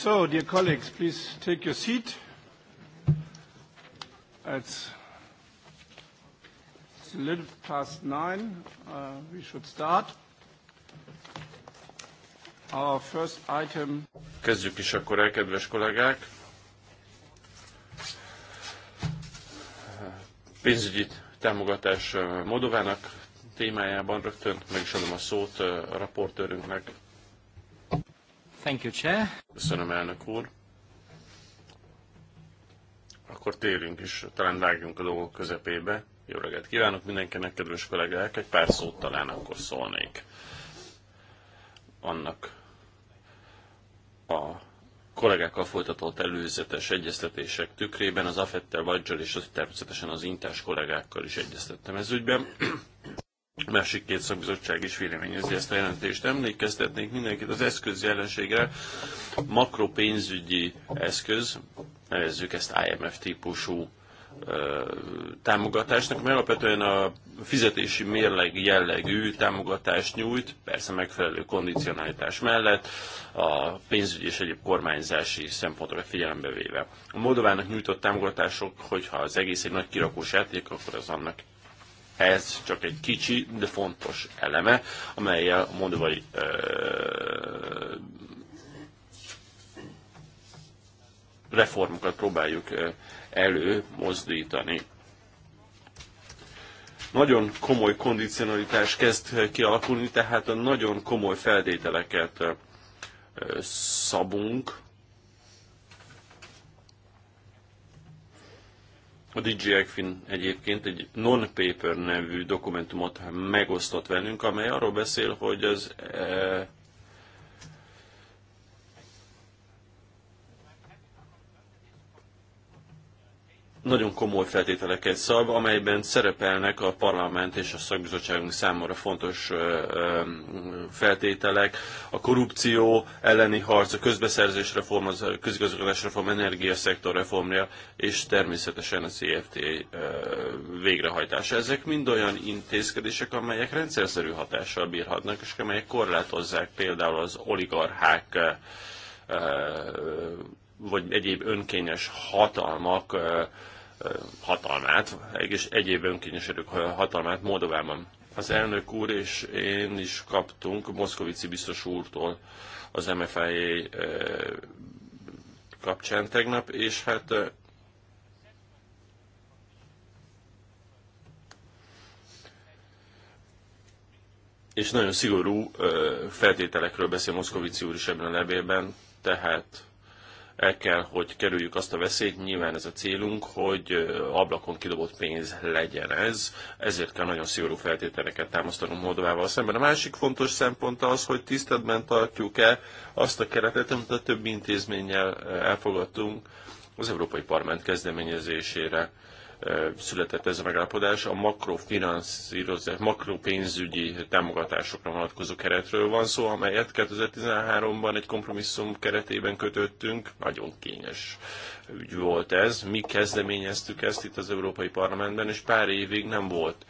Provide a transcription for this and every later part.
So, dear colleagues, please take your seat. It's, it's a little past nine. Uh, we should start. Our first item. Kezdjük is akkor el, kedves kollégák. Pénzügyi támogatás uh, Moldovának témájában rögtön meg is adom a szót a uh, raportőrünknek, Thank you, Chair. Köszönöm, elnök úr. Akkor térjünk is, talán vágjunk a dolgok közepébe. Jó reggelt kívánok mindenkinek, kedves kollégák, egy pár szót talán akkor szólnék. Annak a kollégákkal folytatott előzetes egyeztetések tükrében az Afettel, vagy Vajdzsal és az, természetesen az Intás kollégákkal is egyeztettem ez ügyben másik két szakbizottság is véleményezi ezt a jelentést. Emlékeztetnék mindenkit az eszköz jelenségre, makropénzügyi eszköz, nevezzük ezt IMF típusú támogatásnak, mert alapvetően a fizetési mérleg jellegű támogatást nyújt, persze megfelelő kondicionalitás mellett, a pénzügyi és egyéb kormányzási szempontokat figyelembe véve. A Moldovának nyújtott támogatások, hogyha az egész egy nagy kirakós játék, akkor az annak ez csak egy kicsi, de fontos eleme, amelyel a moldovai reformokat próbáljuk előmozdítani. Nagyon komoly kondicionalitás kezd kialakulni, tehát nagyon komoly feltételeket szabunk A DJ Ekfin egyébként egy non-paper nevű dokumentumot megosztott velünk, amely arról beszél, hogy az e, nagyon komoly feltételeket szab, amelyben szerepelnek a parlament és a szakbizottságunk számára fontos feltételek, a korrupció elleni harc, a közbeszerzés reform, a közigazgatás reform, energiaszektor reformja, és természetesen a CFT végrehajtása. Ezek mind olyan intézkedések, amelyek rendszerszerű hatással bírhatnak, és amelyek korlátozzák például az oligarchák vagy egyéb önkényes hatalmak hatalmát, és egyéb önkényes erők hatalmát Moldovában. Az elnök úr és én is kaptunk Moszkovici biztos úrtól az MFA kapcsán tegnap, és hát és nagyon szigorú feltételekről beszél Moszkovici úr is ebben a levélben, tehát el kell, hogy kerüljük azt a veszélyt, nyilván ez a célunk, hogy ablakon kidobott pénz legyen ez, ezért kell nagyon szigorú feltételeket támasztanunk Moldovával szemben. A másik fontos szempont az, hogy tiszteletben tartjuk-e azt a keretet, amit a többi intézménnyel elfogadtunk az Európai Parlament kezdeményezésére született ez a megállapodás. A makrofinanszírozás, makropénzügyi támogatásokra vonatkozó keretről van szó, amelyet 2013-ban egy kompromisszum keretében kötöttünk. Nagyon kényes ügy volt ez. Mi kezdeményeztük ezt itt az Európai Parlamentben, és pár évig nem volt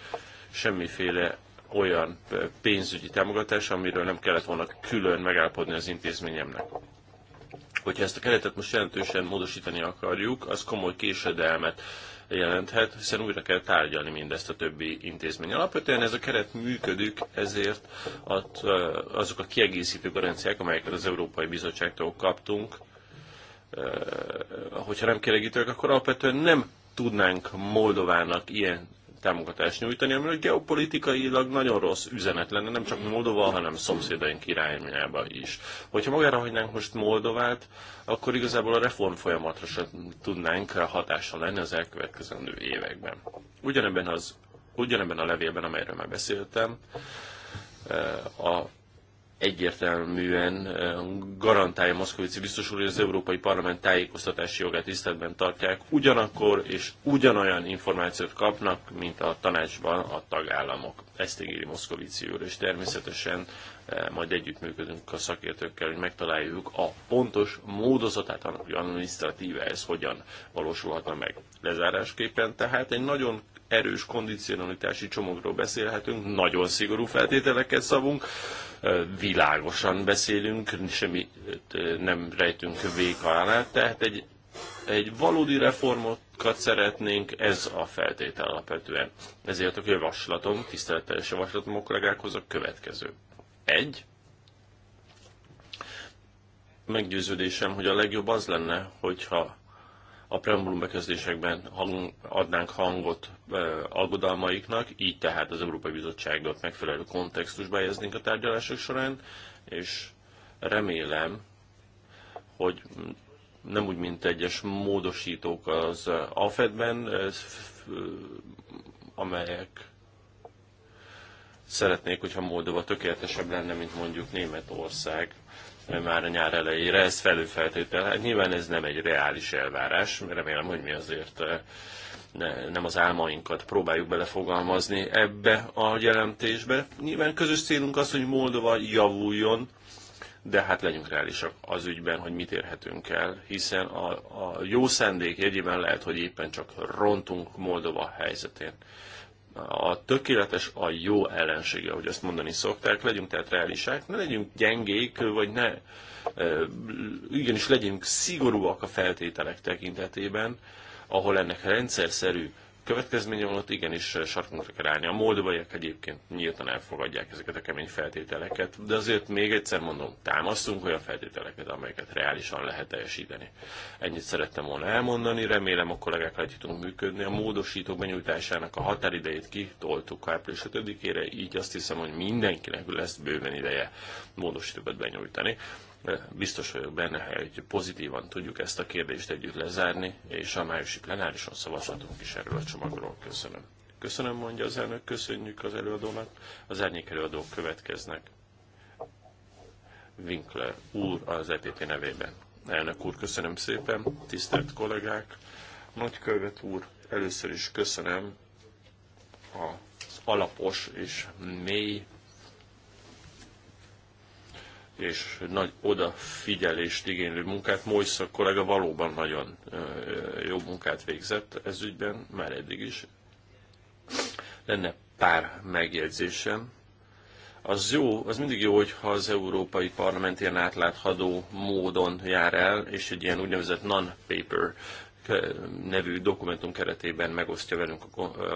semmiféle olyan pénzügyi támogatás, amiről nem kellett volna külön megállapodni az intézményemnek. Hogyha ezt a keretet most jelentősen módosítani akarjuk, az komoly késedelmet jelenthet, hiszen újra kell tárgyalni mindezt a többi intézmény. Alapvetően ez a keret működik, ezért azok a kiegészítő garanciák, amelyeket az Európai Bizottságtól kaptunk, hogyha nem kielégítőek, akkor alapvetően nem tudnánk Moldovának ilyen támogatást nyújtani, ami geopolitikailag nagyon rossz üzenet lenne, nem csak Moldova, hanem szomszédaink irányába is. Hogyha magára hagynánk most Moldovát, akkor igazából a reform folyamatra sem tudnánk hatással lenni az elkövetkezendő években. Ugyanebben, az, ugyanebben a levélben, amelyről már beszéltem, eh, a egyértelműen garantálja Moszkovici biztos úr, hogy az Európai Parlament tájékoztatási jogát tiszteletben tartják, ugyanakkor és ugyanolyan információt kapnak, mint a tanácsban a tagállamok. Ezt ígéri Moszkovici úr, és természetesen majd együttműködünk a szakértőkkel, hogy megtaláljuk a pontos módozatát annak, hogy administratíve ez hogyan valósulhatna meg. Lezárásképpen tehát egy nagyon erős kondicionalitási csomagról beszélhetünk, nagyon szigorú feltételeket szabunk, világosan beszélünk, semmi nem rejtünk vék alá, tehát egy, egy valódi reformokat szeretnénk, ez a feltétel alapvetően. Ezért a javaslatom, tiszteletteljes javaslatom a kollégákhoz a következő. Egy, meggyőződésem, hogy a legjobb az lenne, hogyha a preambulum bekezdésekben hang, adnánk hangot e, aggodalmaiknak, így tehát az Európai Bizottságot megfelelő kontextusba helyeznénk a tárgyalások során, és remélem, hogy nem úgy, mint egyes módosítók az AFED-ben, amelyek szeretnék, hogyha Moldova tökéletesebb lenne, mint mondjuk Németország már a nyár elejére, ez felülfeltétel. Hát nyilván ez nem egy reális elvárás, remélem, hogy mi azért eh, ne, nem az álmainkat próbáljuk belefogalmazni ebbe a jelentésbe. Nyilván közös célunk az, hogy Moldova javuljon, de hát legyünk reálisak az ügyben, hogy mit érhetünk el, hiszen a, a jó szendék jegyében lehet, hogy éppen csak rontunk Moldova helyzetén a tökéletes a jó ellensége, hogy azt mondani szokták, legyünk tehát reálisák, ne legyünk gyengék, vagy ne, igenis legyünk szigorúak a feltételek tekintetében, ahol ennek rendszerszerű következménye ott igenis eh, sarkunkra kell állni. A moldovaiak egyébként nyíltan elfogadják ezeket a kemény feltételeket, de azért még egyszer mondom, támasztunk olyan feltételeket, amelyeket reálisan lehet teljesíteni. Ennyit szerettem volna elmondani, remélem a kollégákkal együtt tudunk működni. A módosítók benyújtásának a határidejét kitoltuk április 5-ére, így azt hiszem, hogy mindenkinek lesz bőven ideje módosítókat benyújtani. Biztos vagyok benne, hogy pozitívan tudjuk ezt a kérdést együtt lezárni, és a májusi plenárison szavazhatunk is erről a csomagról. Köszönöm. Köszönöm, mondja az elnök, köszönjük az előadónak. Az árnyék előadók következnek. Winkler úr az EPP nevében. Elnök úr, köszönöm szépen, tisztelt kollégák, nagykövet úr, először is köszönöm az alapos és mély és nagy odafigyelést igénylő munkát. Moisza kollega valóban nagyon jó munkát végzett ez ügyben, már eddig is. Lenne pár megjegyzésem. Az jó, az mindig jó, hogyha az Európai Parlament ilyen átlátható módon jár el, és egy ilyen úgynevezett non-paper nevű dokumentum keretében megosztja velünk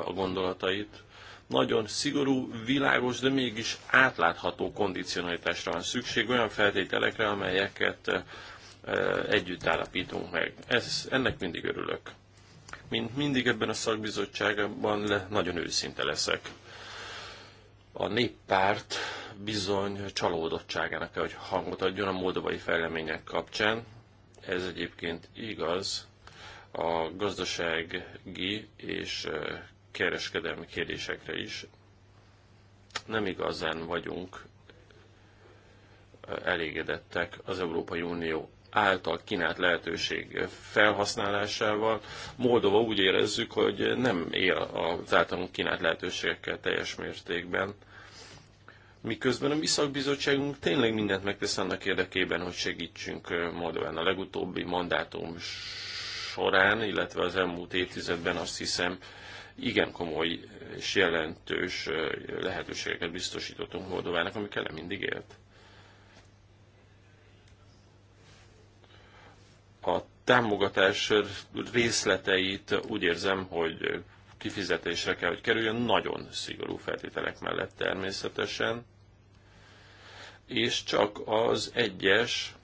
a gondolatait, nagyon szigorú, világos, de mégis átlátható kondicionalitásra van szükség, olyan feltételekre, amelyeket eh, együtt állapítunk meg. Ez, ennek mindig örülök. Mint mindig ebben a szakbizottságban le nagyon őszinte leszek. A néppárt bizony csalódottságának kell, hogy hangot adjon a moldovai fejlemények kapcsán. Ez egyébként igaz a gazdasági és eh, kereskedelmi kérdésekre is. Nem igazán vagyunk elégedettek az Európai Unió által kínált lehetőség felhasználásával. Moldova úgy érezzük, hogy nem él az általunk kínált lehetőségekkel teljes mértékben. Miközben a mi szakbizottságunk tényleg mindent megtesz annak érdekében, hogy segítsünk Moldován. A legutóbbi mandátum során, illetve az elmúlt évtizedben azt hiszem igen komoly és jelentős lehetőségeket biztosítottunk Moldovának, amikkel nem mindig élt. A támogatás részleteit úgy érzem, hogy kifizetésre kell, hogy kerüljön, nagyon szigorú feltételek mellett természetesen, és csak az egyes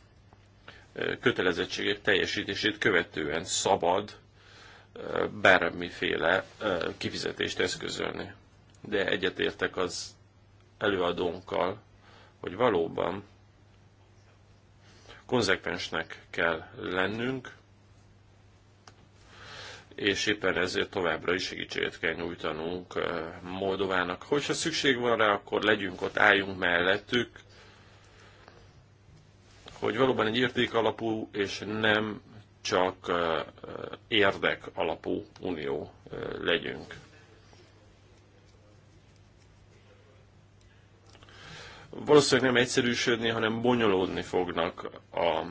kötelezettségek teljesítését követően szabad bármiféle kifizetést eszközölni. De egyetértek az előadónkkal, hogy valóban konzekvensnek kell lennünk, és éppen ezért továbbra is segítséget kell nyújtanunk Moldovának. Hogyha szükség van rá, akkor legyünk ott, álljunk mellettük, hogy valóban egy értékalapú és nem csak érdek alapú unió legyünk. Valószínűleg nem egyszerűsödni, hanem bonyolódni fognak a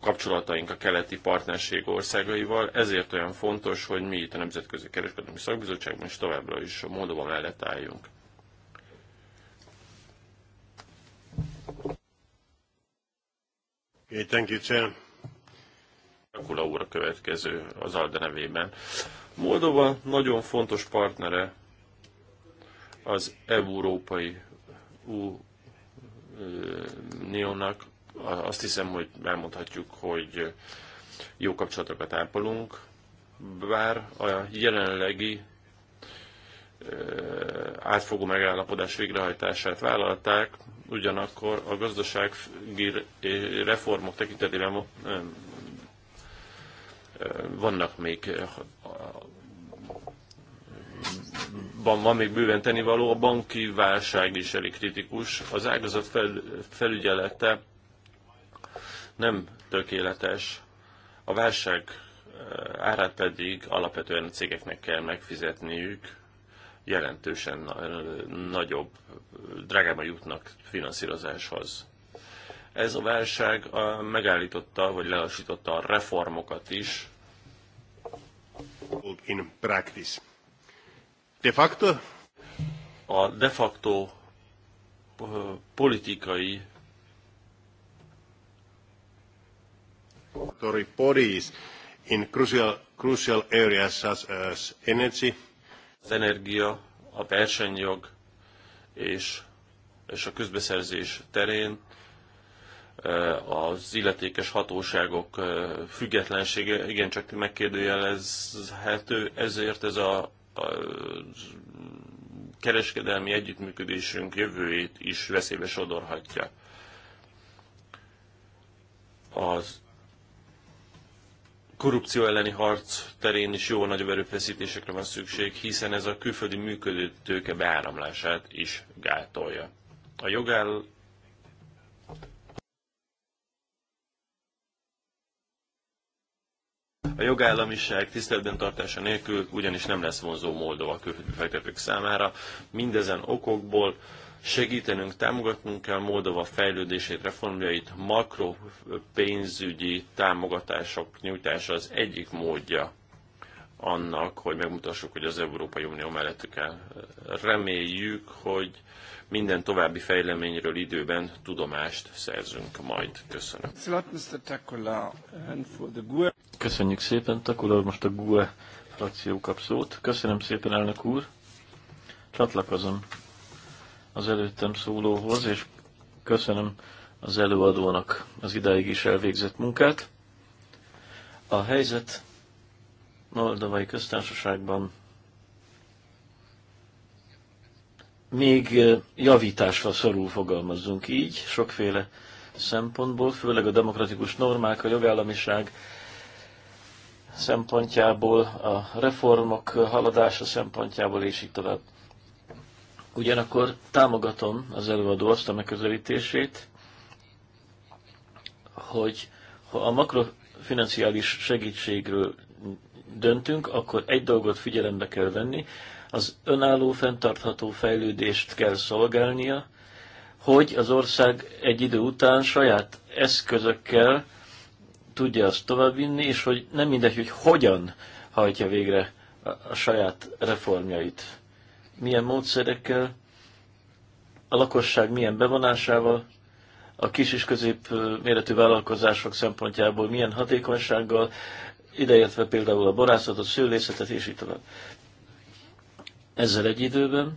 kapcsolataink a keleti partnerség országaival, ezért olyan fontos, hogy mi itt a Nemzetközi Kereskedelmi Szakbizottságban is továbbra is a Moldova mellett álljunk. Okay, thank you, Chair. Kula úr a következő az Alde nevében. Moldova nagyon fontos partnere az Európai Uniónak. Azt hiszem, hogy elmondhatjuk, hogy jó kapcsolatokat ápolunk, bár a jelenlegi átfogó megállapodás végrehajtását vállalták, ugyanakkor a gazdasági reformok tekintetében vannak még van, van még bőven tennivaló, a banki válság is elég kritikus, az ágazat fel, felügyelete nem tökéletes, a válság eh, árát pedig alapvetően a cégeknek kell megfizetniük, jelentősen eh, nagyobb, drágában jutnak finanszírozáshoz. Ez a válság megállította, vagy lelassította a reformokat is. In practice. De facto? A de facto politikai bodies in crucial, crucial areas such as energy. Az energia, a versenyjog és, és a közbeszerzés terén az illetékes hatóságok függetlensége igencsak megkérdőjelezhető, ezért ez a, a kereskedelmi együttműködésünk jövőjét is veszélybe sodorhatja. Az korrupció elleni harc terén is jó nagy erőfeszítésekre van szükség, hiszen ez a külföldi működő tőke beáramlását is gátolja. A jogáll A jogállamiság tiszteletben tartása nélkül ugyanis nem lesz vonzó Moldova külfektetők számára. Mindezen okokból segítenünk, támogatnunk kell Moldova fejlődését, reformjait, makropénzügyi támogatások nyújtása az egyik módja annak, hogy megmutassuk, hogy az Európai Unió mellettük el. Reméljük, hogy minden további fejleményről időben tudomást szerzünk majd. Köszönöm. Köszönjük szépen, takul, úr, most a GUE frakció kap szót. Köszönöm szépen, elnök úr. Csatlakozom az előttem szólóhoz, és köszönöm az előadónak az idáig is elvégzett munkát. A helyzet Moldovai köztársaságban még eh, javításra szorul, fogalmazzunk így, sokféle szempontból, főleg a demokratikus normák, a jogállamiság, szempontjából, a reformok haladása szempontjából, és így tovább. Ugyanakkor támogatom az előadó azt a megközelítését, hogy ha a makrofinanciális segítségről döntünk, akkor egy dolgot figyelembe kell venni, az önálló, fenntartható fejlődést kell szolgálnia, hogy az ország egy idő után saját eszközökkel tudja azt továbbvinni, és hogy nem mindegy, hogy hogyan hajtja végre a, a saját reformjait. Milyen módszerekkel, a lakosság milyen bevonásával, a kis és közép méretű vállalkozások szempontjából milyen hatékonysággal, ideértve például a borászatot, szőlészetet és így tovább. Ezzel egy időben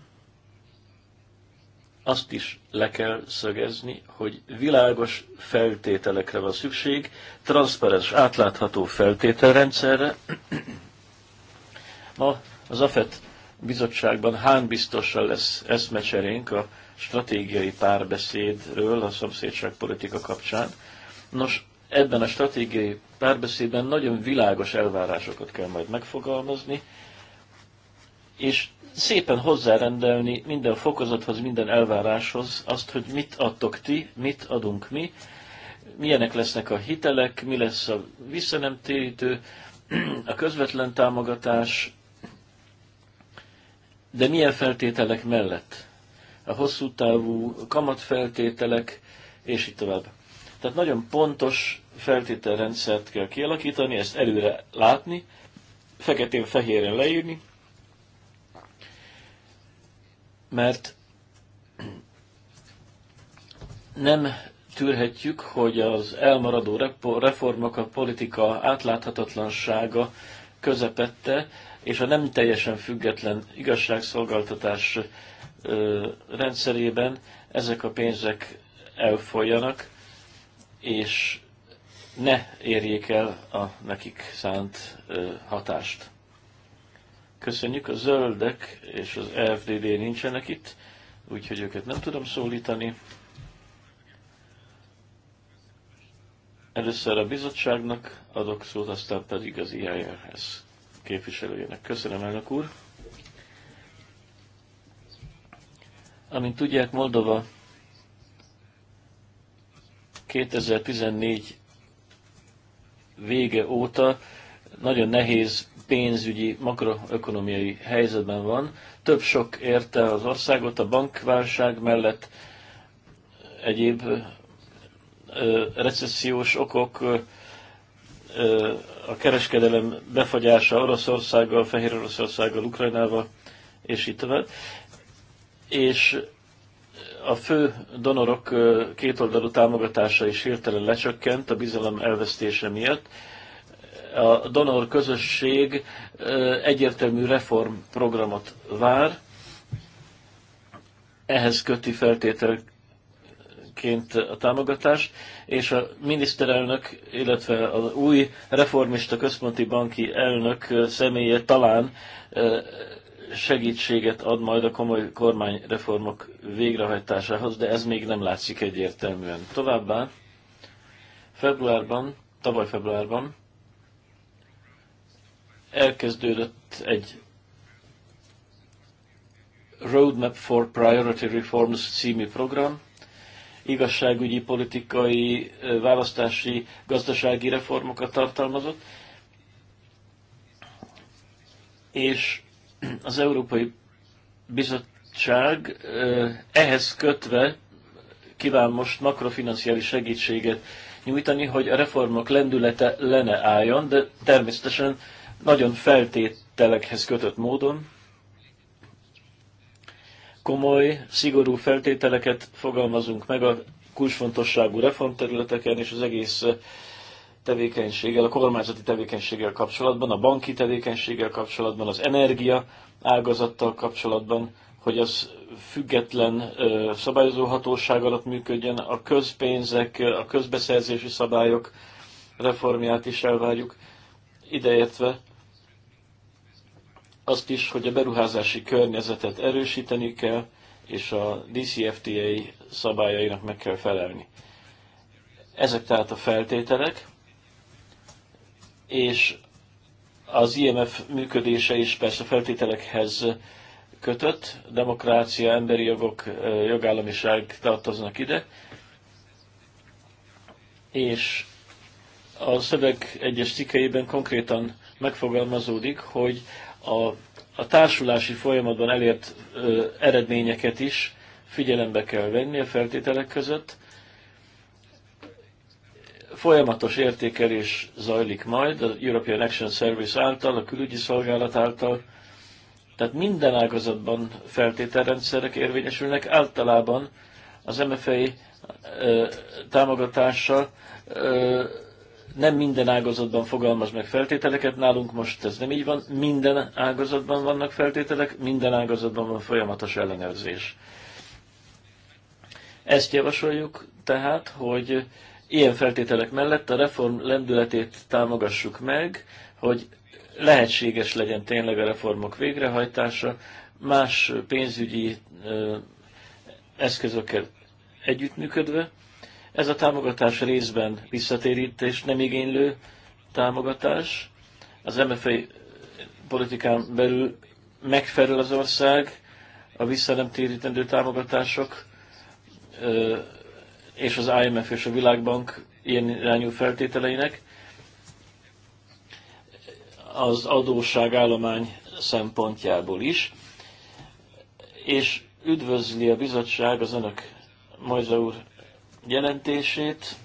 azt is le kell szögezni, hogy világos feltételekre van szükség, transzparens, átlátható feltételrendszerre. Ma az AFET bizottságban hán biztosan lesz eszmecserénk a stratégiai párbeszédről a szomszédságpolitika kapcsán. Nos, ebben a stratégiai párbeszédben nagyon világos elvárásokat kell majd megfogalmazni, és szépen hozzárendelni minden fokozathoz, minden elváráshoz azt, hogy mit adtok ti, mit adunk mi, milyenek lesznek a hitelek, mi lesz a visszanemtérítő, a közvetlen támogatás, de milyen feltételek mellett? A hosszú távú kamatfeltételek, és így tovább. Tehát nagyon pontos feltételrendszert kell kialakítani, ezt előre látni, feketén-fehéren leírni, mert nem tűrhetjük, hogy az elmaradó reformok a politika átláthatatlansága közepette, és a nem teljesen független igazságszolgáltatás rendszerében ezek a pénzek elfolyjanak, és ne érjék el a nekik szánt hatást. Köszönjük, a zöldek és az FDD nincsenek itt, úgyhogy őket nem tudom szólítani. Először a bizottságnak adok szót, aztán pedig az IIR-hez képviselőjének. Köszönöm, elnök úr! Amint tudják, Moldova 2014 vége óta nagyon nehéz pénzügyi, makroökonomiai helyzetben van. Több sok érte az országot a bankválság mellett, egyéb recessziós okok, a kereskedelem befagyása Oroszországgal, Fehér Oroszországgal, Ukrajnával, és így tovább. És a fő donorok kétoldalú támogatása is hirtelen lecsökkent a bizalom elvesztése miatt, a donor közösség egyértelmű reformprogramot vár, ehhez köti feltételként a támogatást, és a miniszterelnök, illetve az új reformista központi banki elnök személye talán segítséget ad majd a komoly kormányreformok végrehajtásához, de ez még nem látszik egyértelműen. Továbbá februárban, tavaly februárban elkezdődött egy Roadmap for Priority Reforms című program, igazságügyi, politikai, választási, gazdasági reformokat tartalmazott, és az Európai Bizottság ehhez kötve kíván most makrofinanciális segítséget nyújtani, hogy a reformok lendülete lene álljon, de természetesen nagyon feltételekhez kötött módon komoly, szigorú feltételeket fogalmazunk meg a kulcsfontosságú reformterületeken és az egész eh, tevékenységgel, a kormányzati tevékenységgel kapcsolatban, a banki tevékenységgel kapcsolatban, az energia ágazattal kapcsolatban, hogy az független eh, szabályozó hatóság alatt működjön, a közpénzek, eh, a közbeszerzési szabályok reformját is elvárjuk, ideértve azt is, hogy a beruházási környezetet erősíteni kell, és a DCFTA szabályainak meg kell felelni. Ezek tehát a feltételek, és az IMF működése is persze feltételekhez kötött, demokrácia, emberi jogok, jogállamiság tartoznak ide, és a szöveg egyes cikkeiben konkrétan megfogalmazódik, hogy a, a társulási folyamatban elért ö, eredményeket is figyelembe kell venni a feltételek között. Folyamatos értékelés zajlik majd a European Action Service által, a külügyi szolgálat által, tehát minden ágazatban feltételrendszerek érvényesülnek, általában az MFA támogatása nem minden ágazatban fogalmaz meg feltételeket, nálunk most ez nem így van, minden ágazatban vannak feltételek, minden ágazatban van folyamatos ellenőrzés. Ezt javasoljuk tehát, hogy ilyen feltételek mellett a reform lendületét támogassuk meg, hogy lehetséges legyen tényleg a reformok végrehajtása, más pénzügyi eszközökkel együttműködve, ez a támogatás részben visszatérítés nem igénylő támogatás. Az MFA politikán belül megfelel az ország a visszanemtérítendő támogatások és az IMF és a Világbank ilyen irányú feltételeinek. Az adósság állomány szempontjából is. És üdvözli a bizottság az önök Majza úr jelentését.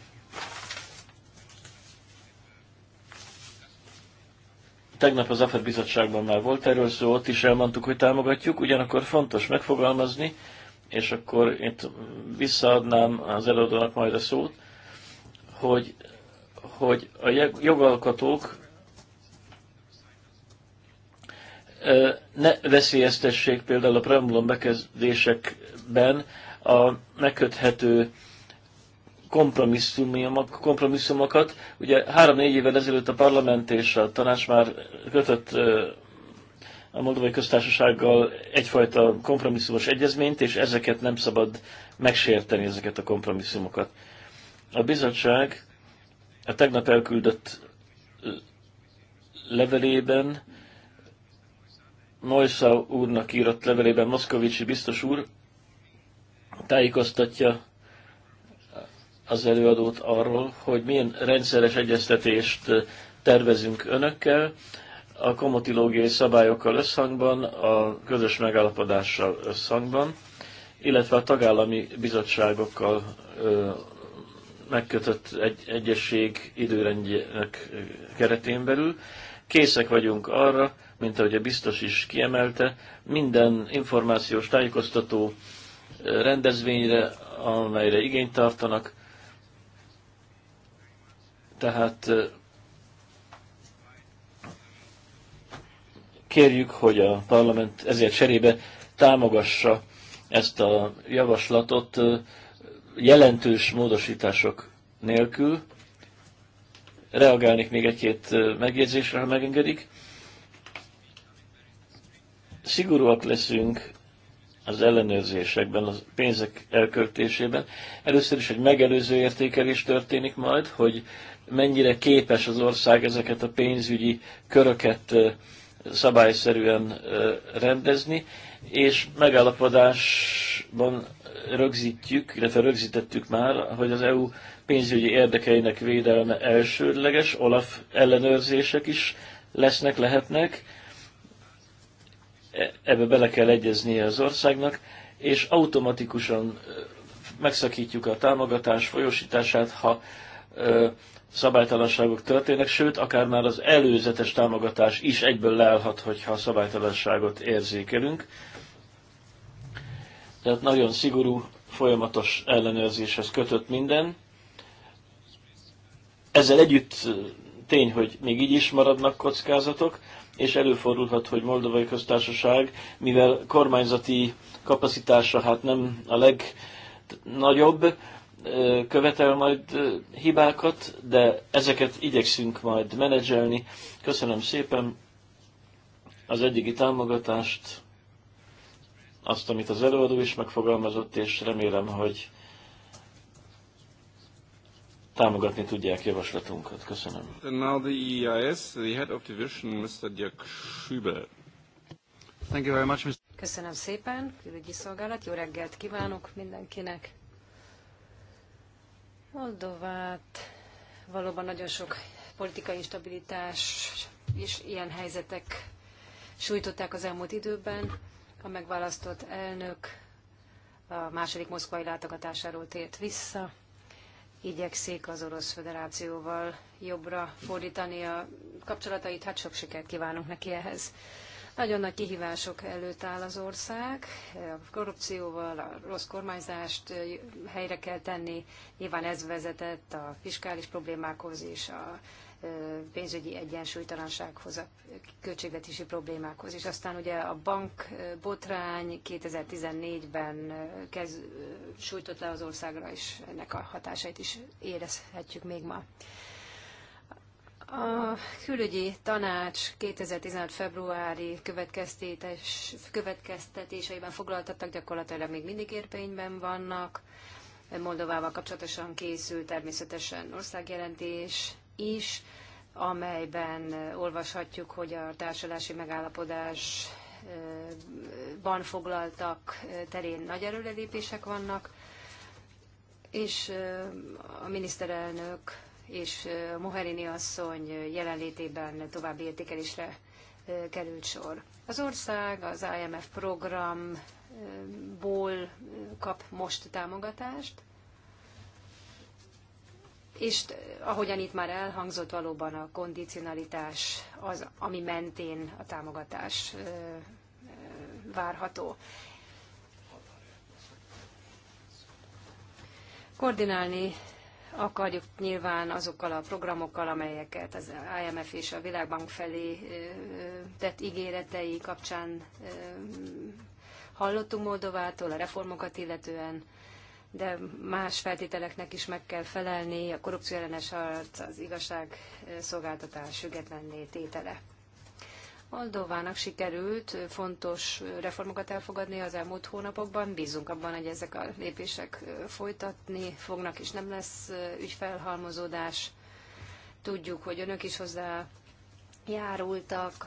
Tegnap az AFED bizottságban már volt erről szó, ott is elmondtuk, hogy támogatjuk, ugyanakkor fontos megfogalmazni, és akkor itt visszaadnám az előadónak majd a szót, hogy, hogy a jogalkotók ne veszélyeztessék például a preambulum bekezdésekben a megköthető kompromisszumokat. Ugye három-négy évvel ezelőtt a parlament és a tanács már kötött a Moldovai Köztársasággal egyfajta kompromisszumos egyezményt, és ezeket nem szabad megsérteni, ezeket a kompromisszumokat. A bizottság a tegnap elküldött levelében, Neusza úrnak írott levelében Moszkovicsi biztos úr tájékoztatja az előadót arról, hogy milyen rendszeres egyeztetést eh, tervezünk önökkel, a komotilógiai szabályokkal összhangban, a közös megállapodással összhangban, illetve a tagállami bizottságokkal ö, eh, megkötött egy, egyesség időrendjének eh, keretén belül. Készek vagyunk arra, mint ahogy a biztos is kiemelte, minden információs tájékoztató rendezvényre, amelyre igényt tartanak, tehát kérjük, hogy a parlament ezért cserébe támogassa ezt a javaslatot jelentős módosítások nélkül. Reagálnék még egy-két megjegyzésre, ha megengedik. Szigorúak leszünk az ellenőrzésekben, a pénzek elköltésében. Először is egy megelőző értékelés történik majd, hogy mennyire képes az ország ezeket a pénzügyi köröket szabályszerűen rendezni, és megállapodásban rögzítjük, illetve rögzítettük már, hogy az EU pénzügyi érdekeinek védelme elsődleges, Olaf ellenőrzések is lesznek, lehetnek, e, ebbe bele kell egyeznie az országnak, és automatikusan megszakítjuk a támogatás folyosítását, ha szabálytalanságok történnek, sőt, akár már az előzetes támogatás is egyből leállhat, hogyha a szabálytalanságot érzékelünk. Tehát nagyon szigorú, folyamatos ellenőrzéshez kötött minden. Ezzel együtt tény, hogy még így is maradnak kockázatok, és előfordulhat, hogy Moldovai Köztársaság, mivel kormányzati kapacitása hát nem a legnagyobb, követel majd hibákat, de ezeket igyekszünk majd menedzselni. Köszönöm szépen az eddigi támogatást, azt, amit az előadó is megfogalmazott, és remélem, hogy támogatni tudják javaslatunkat. Köszönöm. now the EIS, e the head of division, Mr. Dirk Schübel. Thank you very much, Mr. Köszönöm szépen, külügyi szolgálat. Jó reggelt kívánok mindenkinek. Moldovát valóban nagyon sok politikai instabilitás és ilyen helyzetek sújtották az elmúlt időben. A megválasztott elnök a második moszkvai látogatásáról tért vissza. Igyekszik az Orosz Föderációval jobbra fordítani a kapcsolatait. Hát sok sikert kívánunk neki ehhez. Nagyon nagy kihívások előtt áll az ország, a korrupcióval, a rossz kormányzást helyre kell tenni, nyilván ez vezetett a fiskális problémákhoz és a pénzügyi egyensúlytalansághoz, a költségvetési problémákhoz. És aztán ugye a bank botrány 2014-ben kezd sújtott le az országra, és ennek a hatásait is érezhetjük még ma. A külügyi tanács 2015. februári következtetéseiben foglaltattak gyakorlatilag még mindig érvényben vannak. Moldovával kapcsolatosan készül természetesen országjelentés is, amelyben olvashatjuk, hogy a megállapodás megállapodásban foglaltak terén nagy előrelépések vannak, és a miniszterelnök és Moherini asszony jelenlétében további értékelésre került sor. Az ország az IMF programból kap most támogatást, és ahogyan itt már elhangzott, valóban a kondicionalitás az, ami mentén a támogatás várható. Koordinálni akarjuk nyilván azokkal a programokkal, amelyeket az IMF és a Világbank felé tett ígéretei kapcsán hallottunk Moldovától, a reformokat illetően, de más feltételeknek is meg kell felelni, a korrupció ellenes harc, az igazságszolgáltatás független tétele. Moldovának sikerült fontos reformokat elfogadni az elmúlt hónapokban. Bízunk abban, hogy ezek a lépések folytatni fognak, és nem lesz ügyfelhalmozódás. Tudjuk, hogy önök is hozzá járultak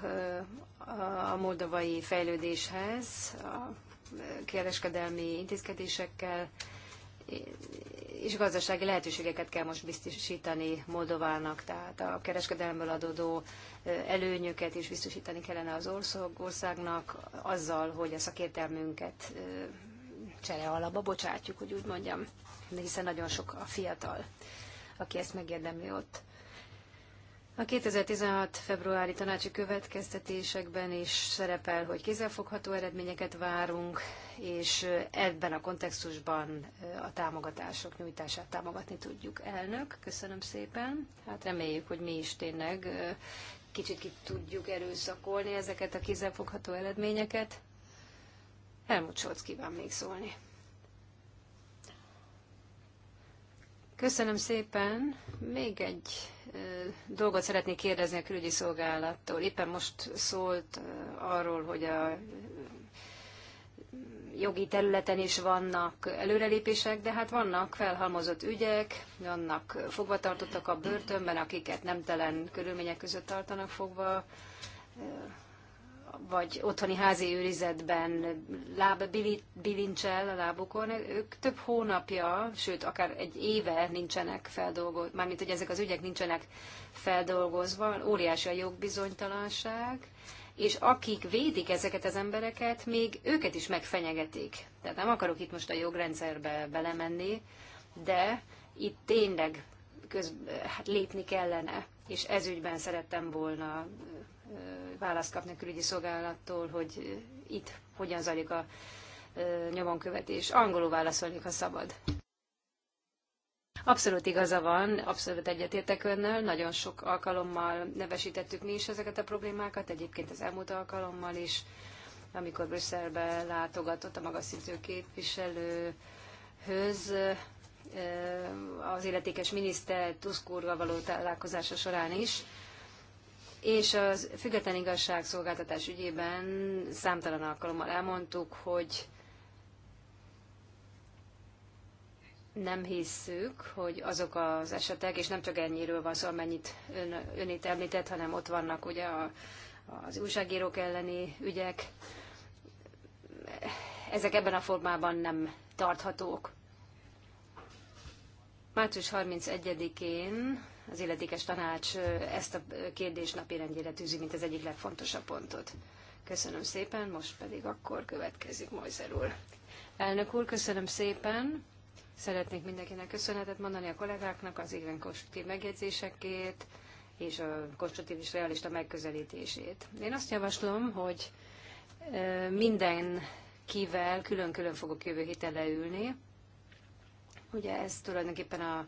a moldovai fejlődéshez, a kereskedelmi intézkedésekkel, és gazdasági lehetőségeket kell most biztosítani Moldovának, tehát a kereskedelemből adódó előnyöket is biztosítani kellene az ország, országnak azzal, hogy a szakértelmünket csere alapba bocsátjuk, hogy úgy mondjam, hiszen nagyon sok a fiatal, aki ezt megérdemli ott. A 2016. februári tanácsi következtetésekben is szerepel, hogy kézzelfogható eredményeket várunk, és ebben a kontextusban a támogatások nyújtását támogatni tudjuk. Elnök, köszönöm szépen. Hát reméljük, hogy mi is tényleg kicsit ki tudjuk erőszakolni ezeket a kézzelfogható eredményeket. Helmut Scholz kíván még szólni. Köszönöm szépen. Még egy dolgot szeretnék kérdezni a külügyi szolgálattól. Éppen most szólt arról, hogy a jogi területen is vannak előrelépések, de hát vannak felhalmozott ügyek, vannak fogvatartottak a börtönben, akiket nemtelen körülmények között tartanak fogva, vagy otthoni házi őrizetben bilincsel a lábukon, ők több hónapja, sőt, akár egy éve nincsenek feldolgozva, mármint hogy ezek az ügyek nincsenek feldolgozva, óriási a jogbizonytalanság, és akik védik ezeket az embereket, még őket is megfenyegetik. Tehát nem akarok itt most a jogrendszerbe belemenni, de itt tényleg köz, hát lépni kellene, és ezügyben szerettem volna választ kapni a külügyi szolgálattól, hogy itt hogyan zajlik a nyomonkövetés. Angolul válaszolni, ha szabad. Abszolút igaza van, abszolút egyetértek önnel, nagyon sok alkalommal nevesítettük mi is ezeket a problémákat, egyébként az elmúlt alkalommal is, amikor Brüsszelbe látogatott a magas szintű képviselőhöz, az illetékes miniszter Tusk való találkozása során is és a független igazságszolgáltatás ügyében számtalan alkalommal elmondtuk, hogy nem hisszük, hogy azok az esetek, és nem csak ennyiről van szó, amennyit ön, ön itt említett, hanem ott vannak ugye a, az újságírók elleni ügyek, ezek ebben a formában nem tarthatók. Március 31-én az illetékes tanács ezt a kérdést napirendjére tűzi, mint az egyik legfontosabb pontot. Köszönöm szépen, most pedig akkor következik Mojzer úr. Elnök úr, köszönöm szépen. Szeretnék mindenkinek köszönetet mondani a kollégáknak az igen konstruktív megjegyzésekért és a konstruktív és realista megközelítését. Én azt javaslom, hogy minden kivel külön-külön fogok jövő héten leülni. Ugye ez tulajdonképpen a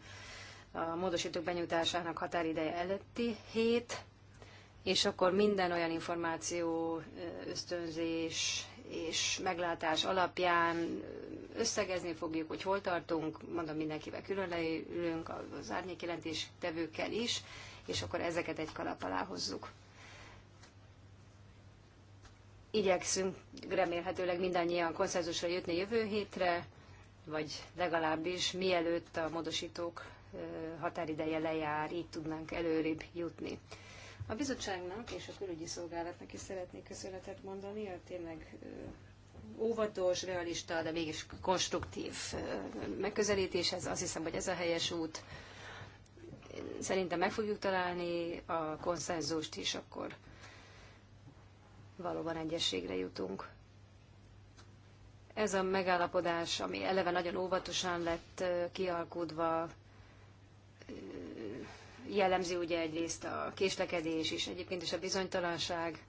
a módosítók benyújtásának határideje előtti hét, és akkor minden olyan információ, ösztönzés és meglátás alapján összegezni fogjuk, hogy hol tartunk, mondom mindenkivel külön leülünk, az árnyékjelentés tevőkkel is, és akkor ezeket egy kalap alá hozzuk. Igyekszünk remélhetőleg mindannyian konszenzusra jutni jövő hétre, vagy legalábbis mielőtt a módosítók határideje lejár, így tudnánk előrébb jutni. A bizottságnak és a külügyi szolgálatnak is szeretnék köszönetet mondani, a tényleg óvatos, realista, de mégis konstruktív megközelítéshez. Azt hiszem, hogy ez a helyes út. Szerintem meg fogjuk találni a konszenzust is, akkor valóban egyességre jutunk. Ez a megállapodás, ami eleve nagyon óvatosan lett kialkudva, jellemzi ugye egyrészt a késlekedés és egyébként is a bizonytalanság,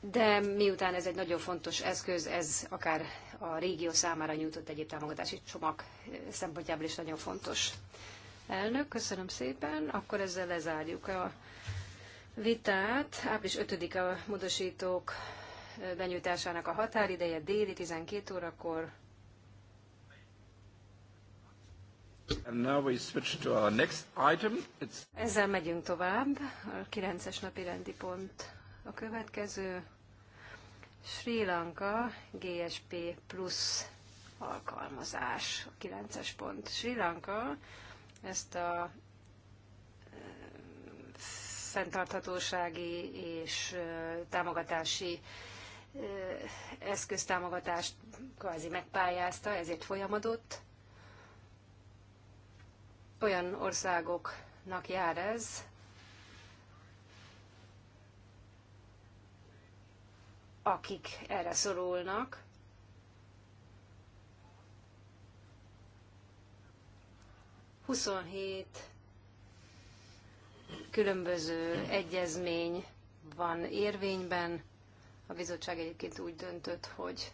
de miután ez egy nagyon fontos eszköz, ez akár a régió számára nyújtott egyéb támogatási csomag eh, szempontjából is nagyon fontos. Elnök, köszönöm szépen. Akkor ezzel lezárjuk a vitát. Április 5 a módosítók eh, benyújtásának a határideje déli 12 órakor. Ezzel megyünk tovább. A 9-es napi rendi pont a következő. Sri Lanka GSP plusz alkalmazás, a 9-es pont. Sri Lanka ezt a eh, fenntarthatósági és eh, támogatási eh, eszköztámogatást kvázi megpályázta, ezért folyamodott olyan országoknak jár ez, akik erre szorulnak, Huszonhét különböző egyezmény van érvényben. A bizottság egyébként úgy döntött, hogy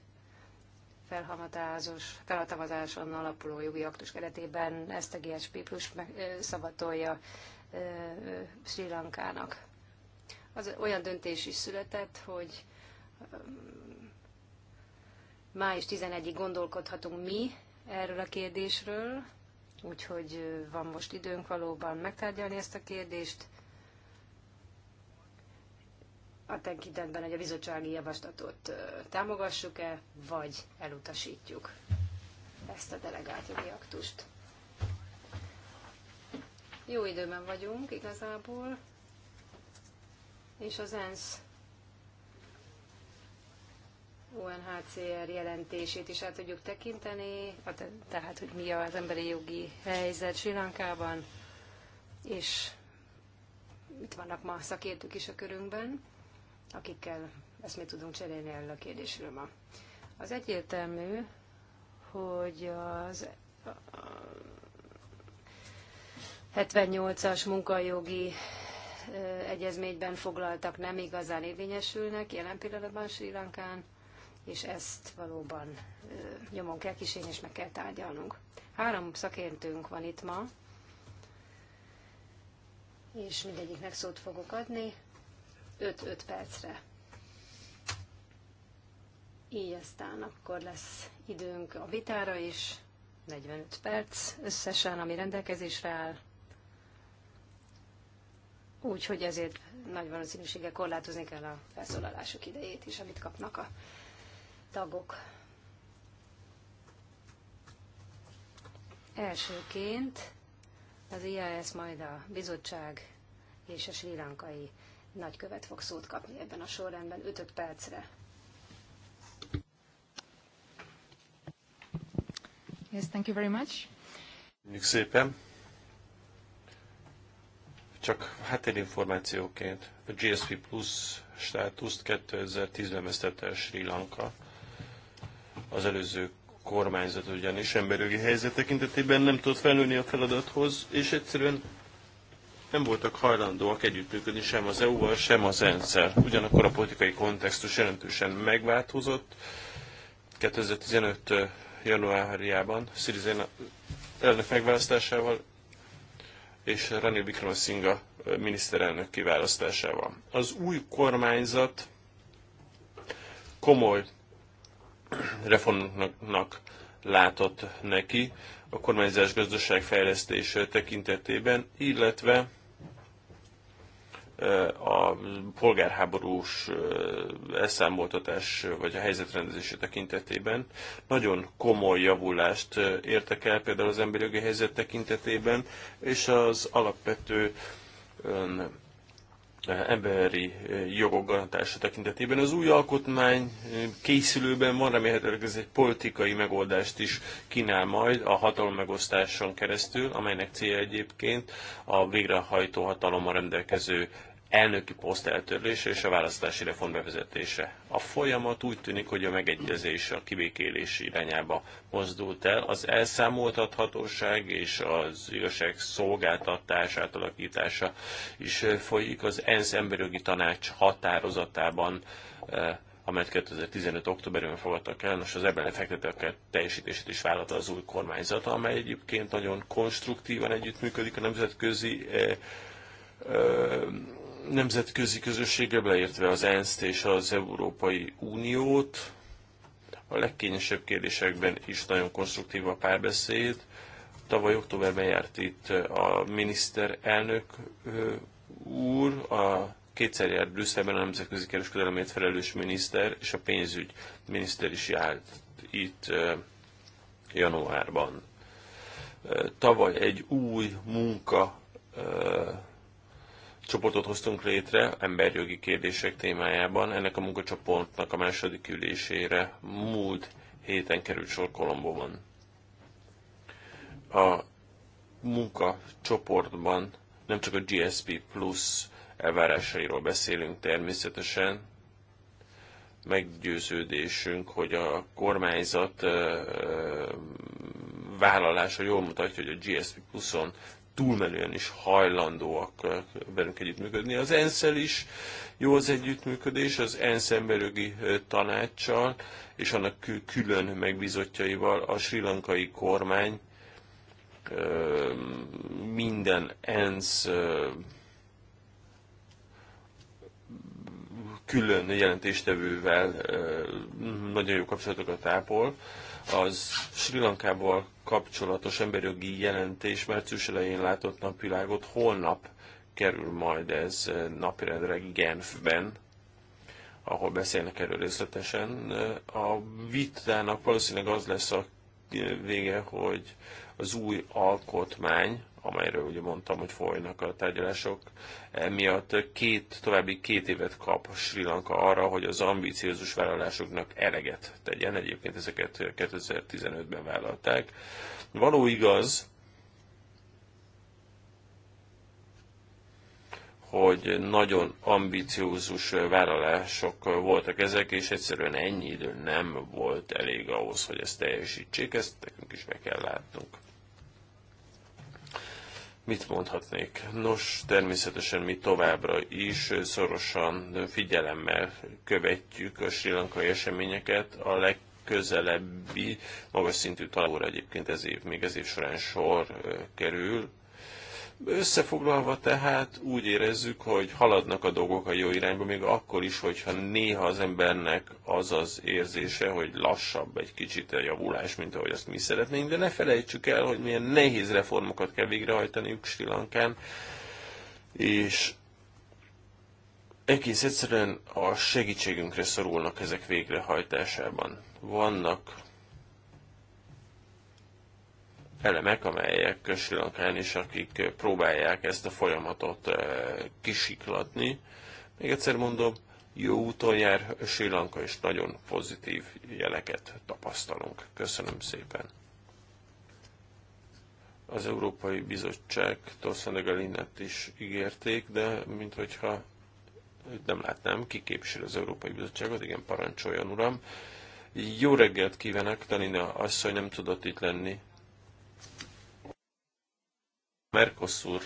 felhatalmazás, felhatalmazáson alapuló jogi aktus keretében ezt a GSP plusz szabatolja Sri Lankának. Az olyan döntés is született, hogy május 11-ig gondolkodhatunk mi erről a kérdésről, úgyhogy van most időnk valóban megtárgyalni ezt a kérdést, a tekintetben, hogy a bizottsági javaslatot támogassuk-e, vagy elutasítjuk ezt a delegált jogi aktust. Jó időben vagyunk igazából, és az ENSZ UNHCR jelentését is el tudjuk tekinteni, tehát hogy mi az emberi jogi helyzet Sri Lankában, és itt vannak ma szakértők is a körünkben akikkel ezt mi tudunk cserélni erről a kérdésről ma. Az egyértelmű, hogy az 78-as munkajogi egyezményben foglaltak nem igazán érvényesülnek jelen pillanatban Sri Lankán, és ezt valóban nyomon kell kísérni, és meg kell tárgyalnunk. Három szakértőnk van itt ma, és mindegyiknek szót fogok adni. 5-5 percre. Így aztán akkor lesz időnk a vitára is, 45 perc összesen, ami rendelkezésre áll. Úgyhogy ezért nagy valószínűséggel korlátozni kell a felszólalások idejét is, amit kapnak a tagok. Elsőként az IAS, majd a bizottság és a sri lankai nagykövet fog szót kapni ebben a sorrendben 5 percre. Yes, thank you very much. Köszönjük szépen. Csak információként a GSP Plus státuszt 2010-ben vesztette el Sri Lanka. Az előző kormányzat ugyanis emberi helyzet tekintetében nem tudott felülni a feladathoz, és egyszerűen nem voltak hajlandóak együttműködni sem az EU-val, sem az ENSZ-el. Ugyanakkor a politikai kontextus jelentősen megváltozott. 2015. Eh, januárjában Szirizén elnök megválasztásával és Ranil Vikramasinghe eh, miniszterelnök kiválasztásával. Az új kormányzat komoly reformnak látott neki a kormányzás gazdaságfejlesztés eh, tekintetében, illetve a polgárháborús elszámoltatás vagy a helyzetrendezése tekintetében nagyon komoly javulást értek el például az emberi jogi helyzet tekintetében, és az alapvető emberi jogok garantása tekintetében. Az új alkotmány készülőben van, remélhetőleg ez egy politikai megoldást is kínál majd a hatalom megosztáson keresztül, amelynek célja egyébként a végrehajtó hatalommal rendelkező elnöki poszt eltörlése és a választási reform bevezetése. A folyamat úgy tűnik, hogy a megegyezés a kibékélés irányába mozdult el. Az elszámoltathatóság és az igazság szolgáltatás átalakítása is folyik. Az ENSZ emberjogi tanács határozatában amelyet 2015. októberben fogadtak el, most az ebben lefektetőket teljesítését is vállalta az új kormányzat, amely egyébként nagyon konstruktívan együttműködik a nemzetközi nemzetközi közössége, beleértve az ENSZ-t és az Európai Uniót. A legkényesebb kérdésekben is nagyon konstruktív a párbeszéd. Tavaly októberben járt itt a miniszterelnök úr, a kétszer járt Brüsszelben a nemzetközi kereskedelemért felelős miniszter, és a pénzügy miniszter is járt itt januárban. Tavaly egy új munka csoportot hoztunk létre emberjogi kérdések témájában. Ennek a munkacsoportnak a második ülésére múlt héten került sor Kolombóban. A munkacsoportban nem csak a GSP Plus elvárásairól beszélünk természetesen, meggyőződésünk, hogy a kormányzat vállalása jól mutatja, hogy a GSP Pluson túlmenően is hajlandóak velünk együttműködni. Az ensz is jó az együttműködés, az ENSZ emberjogi tanácssal és annak külön megbizotjaival a sri lankai kormány minden ENSZ külön jelentéstevővel nagyon jó kapcsolatokat ápol. Az Sri Lankából kapcsolatos emberjogi jelentés március elején látott napvilágot, holnap kerül majd ez napirendre Genfben, ahol beszélnek erről részletesen. A vitának valószínűleg az lesz a vége, hogy az új alkotmány amelyről ugye mondtam, hogy folynak a tárgyalások. Emiatt két, további két évet kap Sri Lanka arra, hogy az ambiciózus vállalásoknak eleget tegyen. Egyébként ezeket 2015-ben vállalták. Való igaz, hogy nagyon ambiciózus vállalások voltak ezek, és egyszerűen ennyi idő nem volt elég ahhoz, hogy ezt teljesítsék, ezt nekünk is meg kell látnunk. Mit mondhatnék? Nos, természetesen mi továbbra is szorosan figyelemmel követjük a sri lankai eseményeket. A legközelebbi magas szintű találóra egyébként ez év, még ez év során sor kerül. Összefoglalva tehát úgy érezzük, hogy haladnak a dolgok a jó irányba, még akkor is, hogyha néha az embernek az az érzése, hogy lassabb egy kicsit a javulás, mint ahogy azt mi szeretnénk, de ne felejtsük el, hogy milyen nehéz reformokat kell végrehajtaniuk Sri Lankán, és egész egyszerűen a segítségünkre szorulnak ezek végrehajtásában. Vannak elemek, amelyek Sri Lankán is, akik próbálják ezt a folyamatot eh, kisiklatni. Még egyszer mondom, jó úton jár Sri Lanka, és nagyon pozitív jeleket tapasztalunk. Köszönöm szépen! Az Európai bizottság Szenegalinát is ígérték, de minthogyha nem látnám, ki képvisel az Európai Bizottságot, igen, parancsoljon uram. Jó reggelt kívánok, Tanina asszony nem tudott itt lenni, Mercosur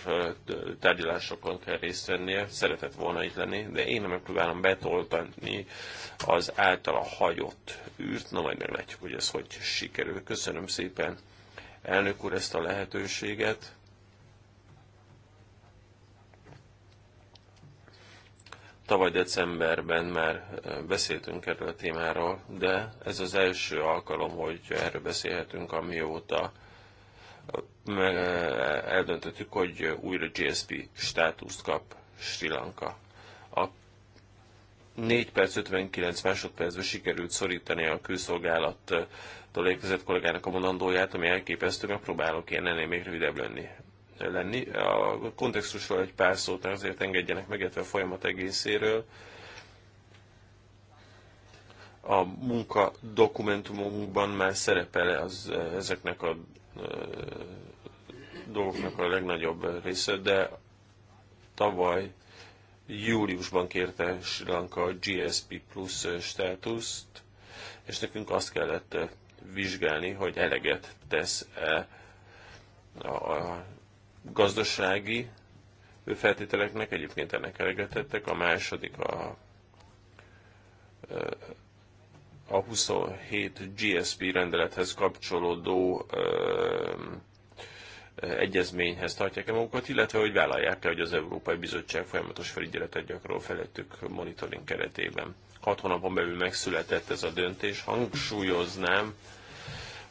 tárgyalásokon kell részt vennie, szeretett volna itt lenni, de én nem, megpróbálom betoltani az általa hagyott űrt, na majd meglátjuk, hogy ez hogy sikerül. Köszönöm szépen, elnök úr, ezt a lehetőséget. Tavaly decemberben már beszéltünk erről a témáról, de ez az első alkalom, hogy erről beszélhetünk, amióta Eh, eldöntöttük, hogy újra GSP státuszt kap Sri Lanka. A 4 perc 59 másodpercben sikerült szorítani a külszolgálat érkezett kollégának a mondandóját, ami elképesztő, megpróbálok én ennél még rövidebb lenni. lenni. A kontextusról egy pár szót azért engedjenek meg, illetve a folyamat egészéről a munka dokumentumunkban már szerepel az, eh, ezeknek a dolgoknak a legnagyobb része, de tavaly júliusban kérte Sri Lanka a GSP Plus státuszt, és nekünk azt kellett vizsgálni, hogy eleget tesz-e a gazdasági feltételeknek, egyébként ennek eleget tettek, a második a a 27 GSP rendelethez kapcsolódó ö, egyezményhez tartják-e magukat, illetve hogy vállalják-e, hogy az Európai Bizottság folyamatos felügyeletet gyakorol felettük monitoring keretében. Hat hónapon belül megszületett ez a döntés. Hangsúlyoznám,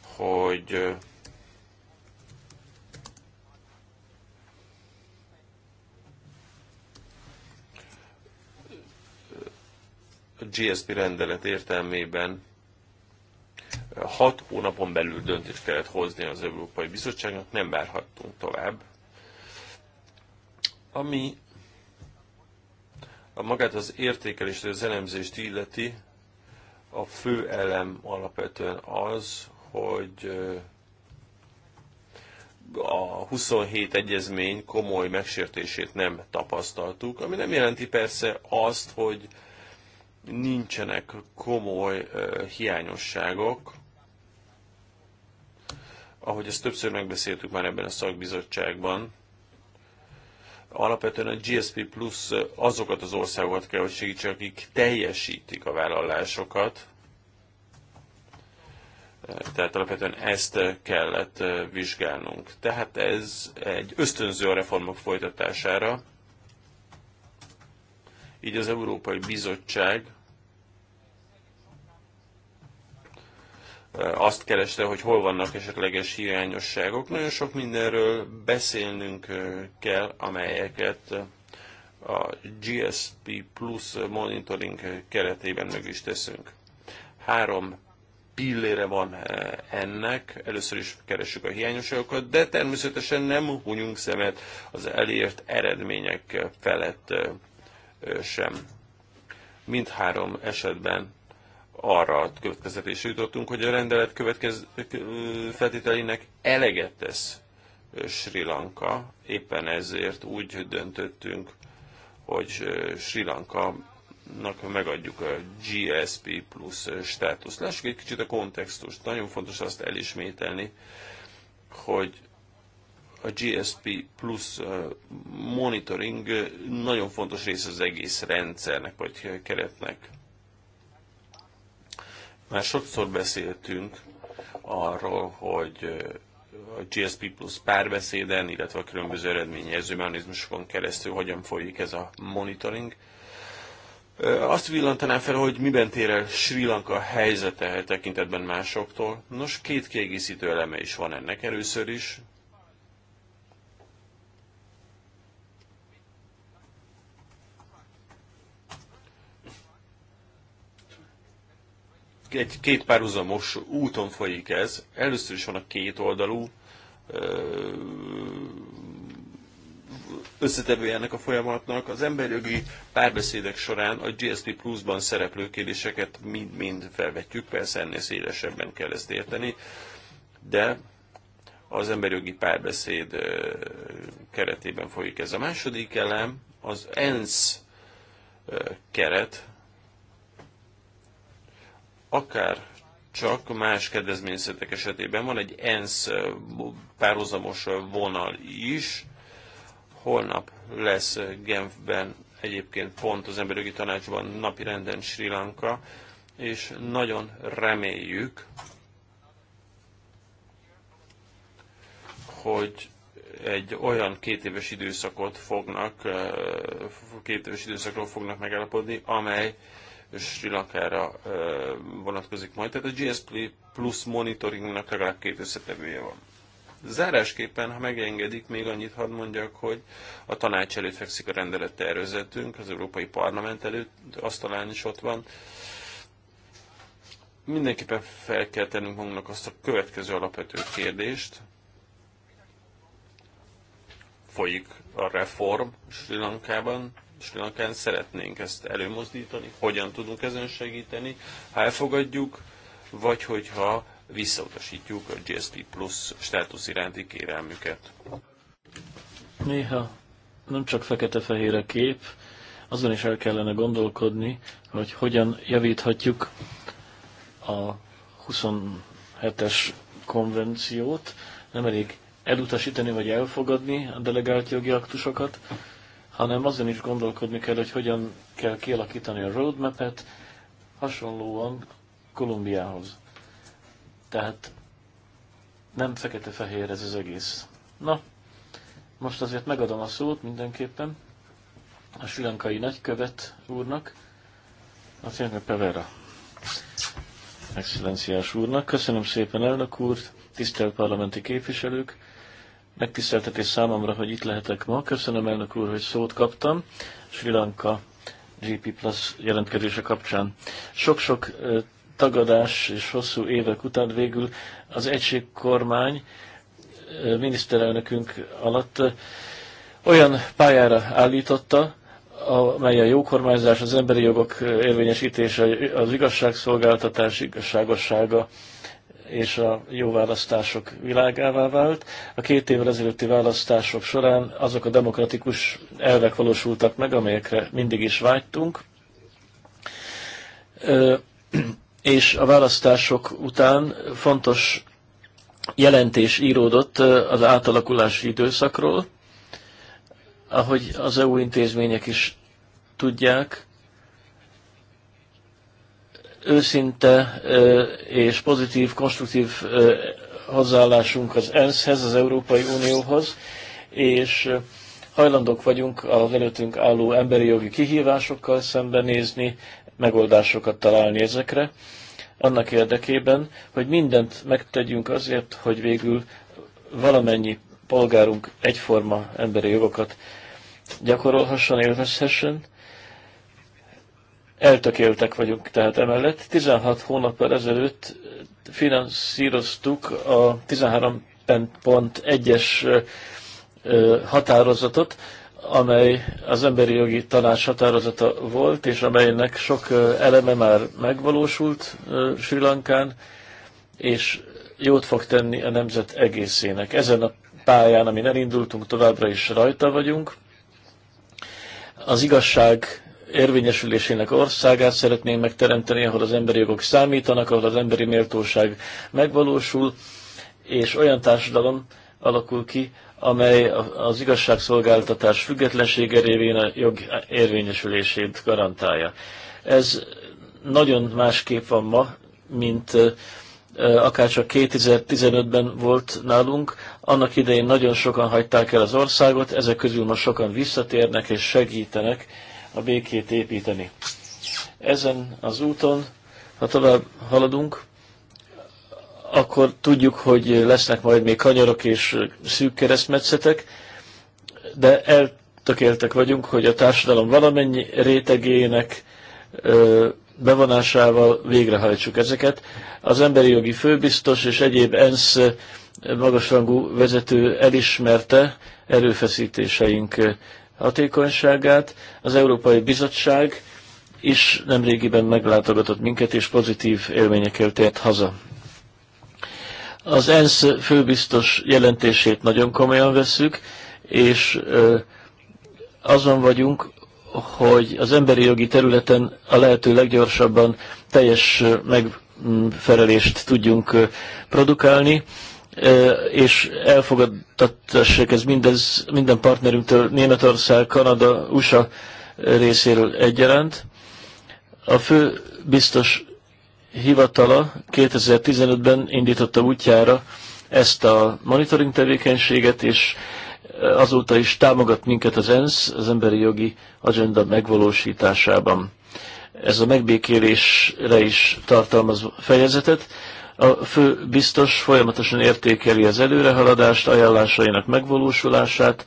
hogy GSP rendelet értelmében hat hónapon belül döntést kellett hozni az Európai Bizottságnak, nem várhattunk tovább. Ami a magát az értékelést, az elemzést illeti, a fő elem alapvetően az, hogy a 27 egyezmény komoly megsértését nem tapasztaltuk, ami nem jelenti persze azt, hogy nincsenek komoly hiányosságok, ahogy ezt többször megbeszéltük már ebben a szakbizottságban, alapvetően a GSP Plus azokat az országokat kell, hogy segítsen, akik teljesítik a vállalásokat. Tehát alapvetően ezt kellett vizsgálnunk. Tehát ez egy ösztönző a reformok folytatására. Így az Európai Bizottság azt kereste, hogy hol vannak esetleges hiányosságok. Nagyon sok mindenről beszélnünk kell, amelyeket a GSP Plus monitoring keretében meg is teszünk. Három pillére van ennek, először is keressük a hiányosságokat, de természetesen nem hunyunk szemet az elért eredmények felett sem. Mindhárom esetben arra a következtetésre jutottunk, hogy a rendelet következ, feltételének eleget tesz Sri Lanka. Éppen ezért úgy döntöttünk, hogy Sri Lanka megadjuk a GSP plusz státuszt. Lássuk egy kicsit a kontextust. Nagyon fontos azt elismételni, hogy a GSP plusz monitoring nagyon fontos része az egész rendszernek vagy keretnek. Már sokszor beszéltünk arról, hogy a GSP Plus párbeszéden, illetve a különböző eredményező mechanizmusokon keresztül hogyan folyik ez a monitoring. Azt villantanám fel, hogy miben tér el Sri Lanka helyzete tekintetben másoktól. Nos, két kiegészítő eleme is van ennek először is. egy, két párhuzamos úton folyik ez. Először is van a két oldalú összetevője ennek a folyamatnak. Az emberjogi párbeszédek során a GSP Plus-ban szereplő kérdéseket mind-mind felvetjük, persze ennél szélesebben kell ezt érteni, de az emberjogi párbeszéd keretében folyik ez. A második elem az ENSZ keret, akár csak más kedvezményzetek esetében van egy ENSZ párhuzamos vonal is. Holnap lesz Genfben egyébként pont az emberi tanácsban napi renden Sri Lanka, és nagyon reméljük, hogy egy olyan két éves időszakot fognak, két éves időszakról fognak megállapodni, amely Sri Lankára vonatkozik majd, tehát a GSP Plus monitoringnak legalább két összetevője van. Zárásképpen, ha megengedik, még annyit hadd mondjak, hogy a tanács előtt fekszik a rendelet tervezetünk, az Európai Parlament előtt, asztalán is ott van. Mindenképpen fel kell tennünk magunknak azt a következő alapvető kérdést. Folyik a reform Sri Lankában, Sri Lankán, szeretnénk ezt előmozdítani, hogyan tudunk ezen segíteni, ha elfogadjuk, vagy hogyha visszautasítjuk a GST Plus státusz iránti kérelmüket. Néha nem csak fekete-fehér a kép, azon is el kellene gondolkodni, hogy hogyan javíthatjuk a 27-es konvenciót, nem elég elutasítani vagy elfogadni a delegált jogi aktusokat, hanem azon is gondolkodni kell, hogy hogyan kell kialakítani a roadmap-et, hasonlóan Kolumbiához. Tehát nem fekete-fehér ez az egész. Na, most azért megadom a szót mindenképpen a silankai nagykövet úrnak, a Tényleg Pevera excellenciás úrnak. Köszönöm szépen, elnök úr, tisztelt parlamenti képviselők! megtiszteltetés számomra, hogy itt lehetek ma. Köszönöm elnök úr, hogy szót kaptam. Sri Lanka GP Plus jelentkezése kapcsán. Sok-sok tagadás és hosszú évek után végül az egységkormány miniszterelnökünk alatt olyan pályára állította, amely a jó kormányzás, az emberi jogok érvényesítése, az igazságszolgáltatás igazságossága, és a jó választások világává vált. A két évvel ezelőtti választások során azok a demokratikus elvek valósultak meg, amelyekre mindig is vágytunk. És a választások után fontos jelentés íródott az átalakulási időszakról, ahogy az EU intézmények is tudják, őszinte és pozitív, konstruktív hozzáállásunk az ENSZ-hez, az Európai Unióhoz, és hajlandók vagyunk a előttünk álló emberi jogi kihívásokkal szembenézni, megoldásokat találni ezekre, annak érdekében, hogy mindent megtegyünk azért, hogy végül valamennyi polgárunk egyforma emberi jogokat gyakorolhasson, élvezhessen, eltökéltek vagyunk tehát emellett. 16 hónappal ezelőtt finanszíroztuk a 13.1-es határozatot, amely az emberi jogi tanács határozata volt, és amelynek sok eleme már megvalósult Sri Lankán, és jót fog tenni a nemzet egészének. Ezen a pályán, amin elindultunk, továbbra is rajta vagyunk. Az igazság érvényesülésének országát szeretnénk megteremteni, ahol az emberi jogok számítanak, ahol az emberi méltóság megvalósul, és olyan társadalom alakul ki, amely az igazságszolgáltatás függetlensége révén a jog érvényesülését garantálja. Ez nagyon másképp van ma, mint akár csak 2015-ben volt nálunk. Annak idején nagyon sokan hagyták el az országot, ezek közül ma sokan visszatérnek és segítenek a békét építeni. Ezen az úton, ha tovább haladunk, akkor tudjuk, hogy lesznek majd még kanyarok és szűk keresztmetszetek, de eltökéltek vagyunk, hogy a társadalom valamennyi rétegének bevonásával végrehajtsuk ezeket. Az emberi jogi főbiztos és egyéb ENSZ magasrangú vezető elismerte erőfeszítéseink hatékonyságát. Az Európai Bizottság is nemrégiben meglátogatott minket, és pozitív élményekkel tért haza. Az ENSZ főbiztos jelentését nagyon komolyan vesszük, és azon vagyunk, hogy az emberi jogi területen a lehető leggyorsabban teljes megfelelést tudjunk produkálni és elfogadtassék ez mindez minden partnerünktől, Németország, Kanada, USA részéről egyaránt. A fő biztos hivatala 2015-ben indította útjára ezt a monitoring tevékenységet, és azóta is támogat minket az ENSZ az emberi jogi agenda megvalósításában. Ez a megbékélésre is tartalmaz fejezetet. A fő biztos folyamatosan értékeli az előrehaladást, ajánlásainak megvalósulását,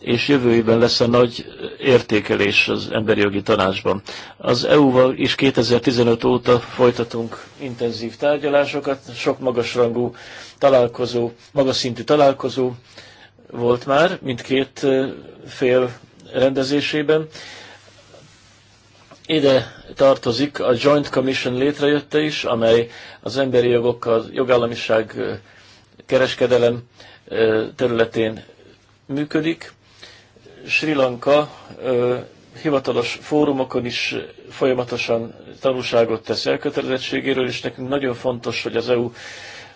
és jövőjében lesz a nagy értékelés az Emberi Jogi Tanácsban. Az EU-val is 2015 óta folytatunk intenzív tárgyalásokat, sok magasrangú találkozó, magas szintű találkozó volt már mindkét fél rendezésében, ide tartozik a Joint Commission létrejötte is, amely az emberi jogok, a jogállamiság, kereskedelem területén működik. Sri Lanka hivatalos fórumokon is folyamatosan tanulságot tesz elkötelezettségéről, és nekünk nagyon fontos, hogy az EU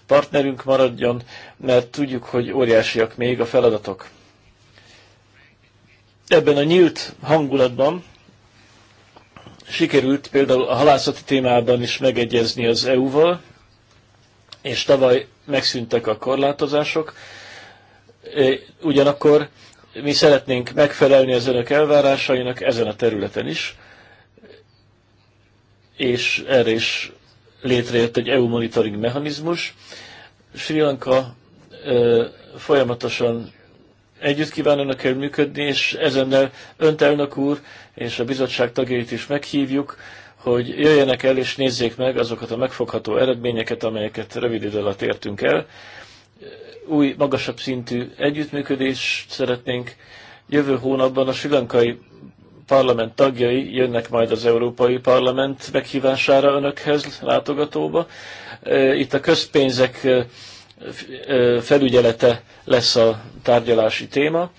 partnerünk maradjon, mert tudjuk, hogy óriásiak még a feladatok. Ebben a nyílt hangulatban Sikerült például a halászati témában is megegyezni az EU-val, és tavaly megszűntek a korlátozások. Ugyanakkor mi szeretnénk megfelelni az önök elvárásainak ezen a területen is, és erre is létrejött egy EU monitoring mechanizmus. Sri Lanka ö, folyamatosan együtt kíván önökkel működni, és ezennel önt elnök úr és a bizottság tagjait is meghívjuk, hogy jöjjenek el és nézzék meg azokat a megfogható eredményeket, amelyeket rövid idő alatt értünk el. Új, magasabb szintű együttműködést szeretnénk. Jövő hónapban a silankai parlament tagjai jönnek majd az Európai Parlament meghívására önökhez látogatóba. Itt a közpénzek felügyelete lesz a tárgyalási téma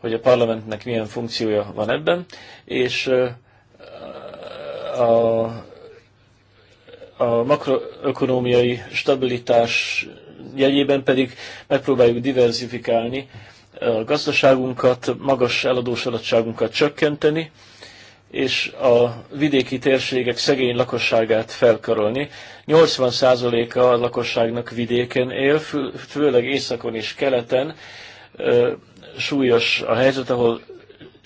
hogy a parlamentnek milyen funkciója van ebben, és a, a makroökonomiai stabilitás jegyében pedig megpróbáljuk diversifikálni a gazdaságunkat, magas eladósodottságunkat csökkenteni, és a vidéki térségek szegény lakosságát felkarolni. 80%-a a lakosságnak vidéken él, főleg északon és keleten, súlyos a helyzet, ahol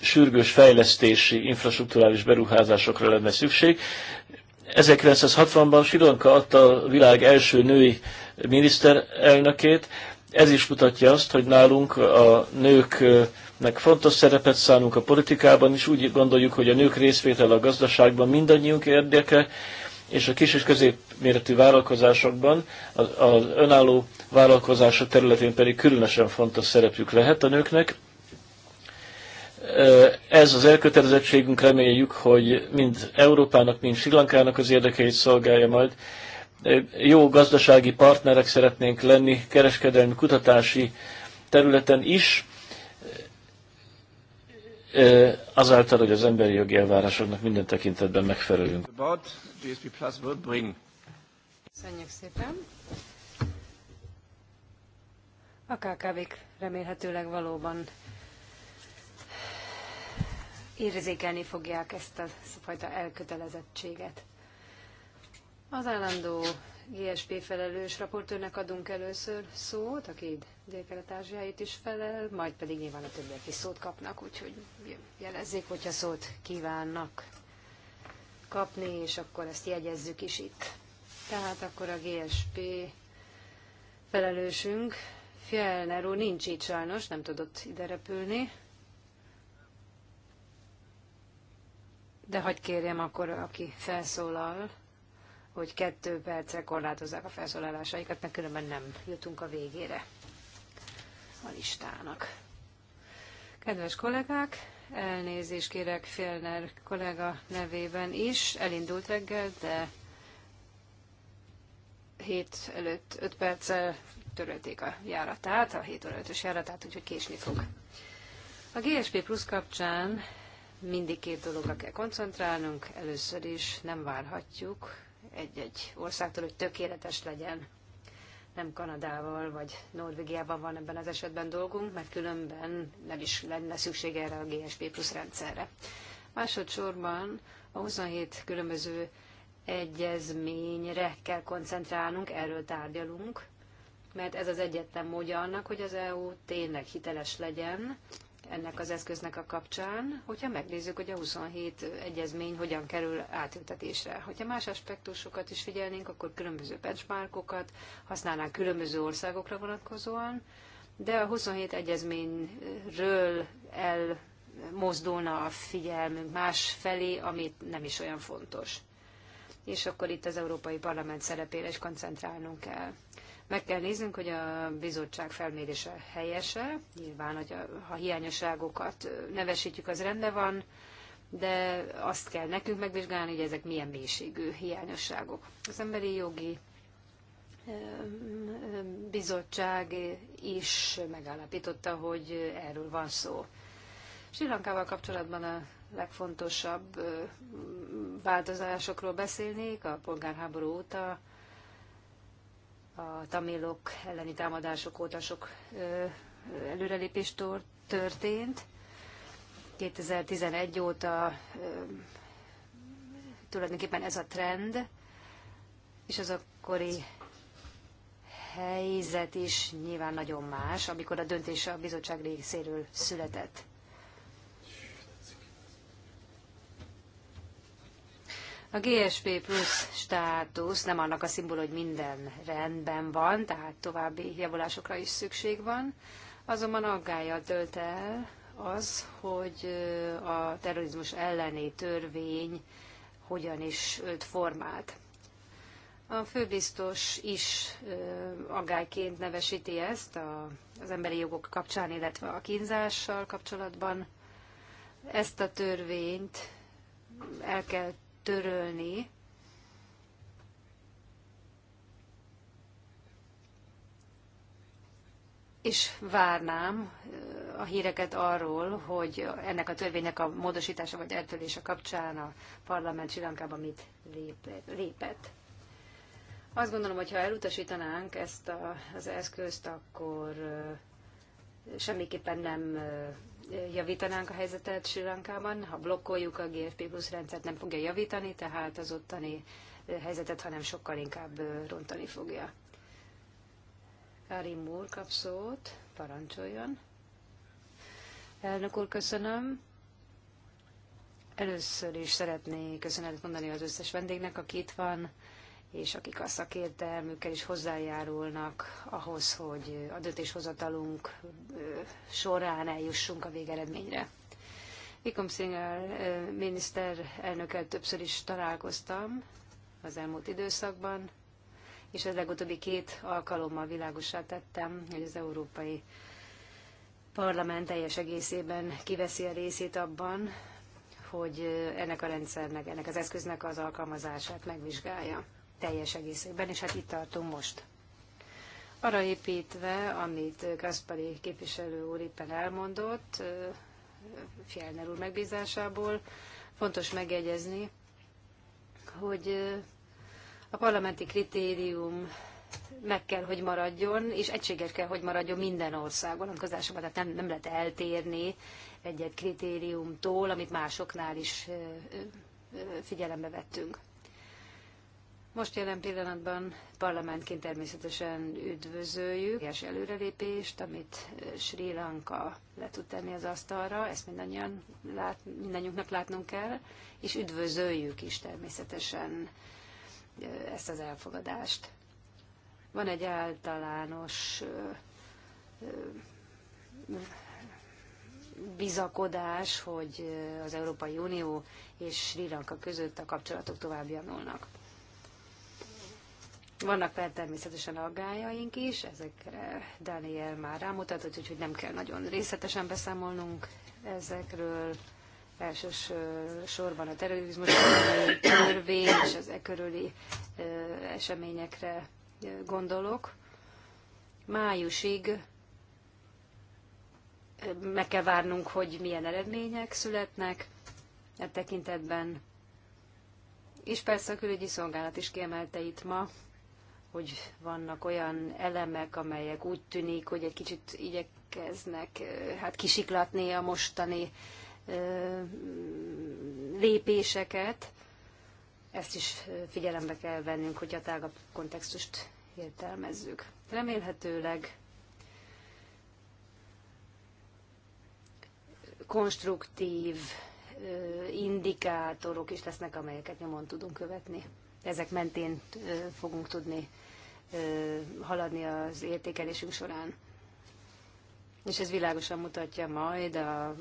sürgős fejlesztési, infrastruktúrális beruházásokra lenne szükség. 1960-ban Sironka adta a világ első női miniszterelnökét. Ez is mutatja azt, hogy nálunk a nőknek fontos szerepet szánunk a politikában, és úgy gondoljuk, hogy a nők részvétel a gazdaságban mindannyiunk érdeke, és a kis és közép méretű vállalkozásokban, az önálló vállalkozások területén pedig különösen fontos szerepük lehet a nőknek. Ez az elkötelezettségünk, reméljük, hogy mind Európának, mind Sri Lankának az érdekeit szolgálja majd. Jó gazdasági partnerek szeretnénk lenni kereskedelmi, kutatási területen is, azáltal, hogy az emberi jogi elvárásoknak minden tekintetben megfelelünk. Köszönjük szépen. A kkv remélhetőleg valóban érzékelni fogják ezt a fajta elkötelezettséget. Az állandó GSP felelős raportőrnek adunk először szót, aki délkelet ázsiáit is felel, majd pedig nyilván a többiek is szót kapnak, úgyhogy jelezzék, hogyha szót kívánnak kapni, és akkor ezt jegyezzük is itt. Tehát akkor a GSP felelősünk, Fjellner úr nincs itt sajnos, nem tudott ide repülni. De hagyd kérjem akkor, aki felszólal, hogy kettő percre korlátozzák a felszólalásaikat, mert különben nem jutunk a végére a listának. Kedves kollégák, elnézést kérek Félner kollega nevében is. Elindult reggel, de 7 előtt 5 perccel törölték a járatát, a 7 óra 5-ös járatát, úgyhogy késni fog. A GSP Plus kapcsán mindig két dologra kell koncentrálnunk. Először is nem várhatjuk egy-egy országtól, hogy tökéletes legyen. Nem Kanadával vagy Norvégiában van ebben az esetben dolgunk, mert különben nem is lenne szükség erre a GSP Plus rendszerre. Másodszorban a 27 különböző egyezményre kell koncentrálnunk, erről tárgyalunk, mert ez az egyetlen módja annak, hogy az EU tényleg hiteles legyen ennek az eszköznek a kapcsán, hogyha megnézzük, hogy a 27 egyezmény hogyan kerül átültetésre. Hogyha más aspektusokat is figyelnénk, akkor különböző benchmarkokat használnánk különböző országokra vonatkozóan, de a 27 egyezményről elmozdulna a figyelmünk más felé, amit nem is olyan fontos és akkor itt az Európai Parlament szerepére is koncentrálnunk kell. Meg kell néznünk, hogy a bizottság felmérése helyese, nyilván, hogy a, ha hiányosságokat nevesítjük, az rendben van, de azt kell nekünk megvizsgálni, hogy ezek milyen mélységű hiányosságok. Az emberi jogi bizottság is megállapította, hogy erről van szó. Sri Lankával kapcsolatban a legfontosabb változásokról beszélnék a polgárháború óta, a tamilok elleni támadások óta sok előrelépés történt. 2011 óta tulajdonképpen ez a trend, és az akkori helyzet is nyilván nagyon más, amikor a döntés a bizottság részéről született. A GSP plusz státusz nem annak a szimból, hogy minden rendben van, tehát további javulásokra is szükség van, azonban aggája tölt el az, hogy a terrorizmus elleni törvény hogyan is ölt formát. A főbiztos is aggályként nevesíti ezt a, az emberi jogok kapcsán, illetve a kínzással kapcsolatban. Ezt a törvényt el kell törölni, és várnám a híreket arról, hogy ennek a törvénynek a módosítása vagy eltörlése kapcsán a parlament Sri mit lépett. Azt gondolom, hogy ha elutasítanánk ezt az eszközt, akkor semmiképpen nem javítanánk a helyzetet Sri Lankában. Ha blokkoljuk a GFP plusz rendszert, nem fogja javítani, tehát az ottani helyzetet, hanem sokkal inkább rontani fogja. Karim úr kap szót, parancsoljon. Elnök úr, köszönöm. Először is szeretnék köszönetet mondani az összes vendégnek, aki itt van, és akik a szakértelmükkel is hozzájárulnak ahhoz, hogy a döntéshozatalunk során eljussunk a végeredményre. Vikom miniszter elnökkel többször is találkoztam az elmúlt időszakban, és ez legutóbbi két alkalommal világosá tettem, hogy az Európai Parlament teljes egészében kiveszi a részét abban, hogy ennek a rendszernek, ennek az eszköznek az alkalmazását megvizsgálja teljes egészében, és hát itt tartunk most. Arra építve, amit Gaspari képviselő úr éppen elmondott, Fjellner úr megbízásából, fontos megjegyezni, hogy a parlamenti kritérium meg kell, hogy maradjon, és egységes kell, hogy maradjon minden ország vonatkozásában, tehát nem, nem lehet eltérni egy-egy kritériumtól, amit másoknál is figyelembe vettünk. Most jelen pillanatban parlamentként természetesen üdvözöljük és előrelépést, amit eh, Sri Lanka le tud tenni az asztalra, ezt mindannyian lát, mindannyiunknak látnunk kell, és üdvözöljük is természetesen eh, ezt az elfogadást. Van egy általános eh, bizakodás, hogy az Európai Unió és Sri Lanka között a kapcsolatok tovább javulnak. Vannak persze természetesen aggájaink is, ezekre Daniel már rámutatott, úgyhogy nem kell nagyon részletesen beszámolnunk ezekről. Elsősorban a terrorizmus törvény és az e körüli eseményekre gondolok. Májusig meg kell várnunk, hogy milyen eredmények születnek e tekintetben. És persze a külügyi szolgálat is kiemelte itt ma, hogy vannak olyan elemek, amelyek úgy tűnik, hogy egy kicsit igyekeznek hát kisiklatni a mostani lépéseket. Ezt is figyelembe kell vennünk, hogy a tágabb kontextust értelmezzük. Remélhetőleg konstruktív indikátorok is lesznek, amelyeket nyomon tudunk követni ezek mentén fogunk tudni haladni az értékelésünk során. És ez világosan mutatja majd a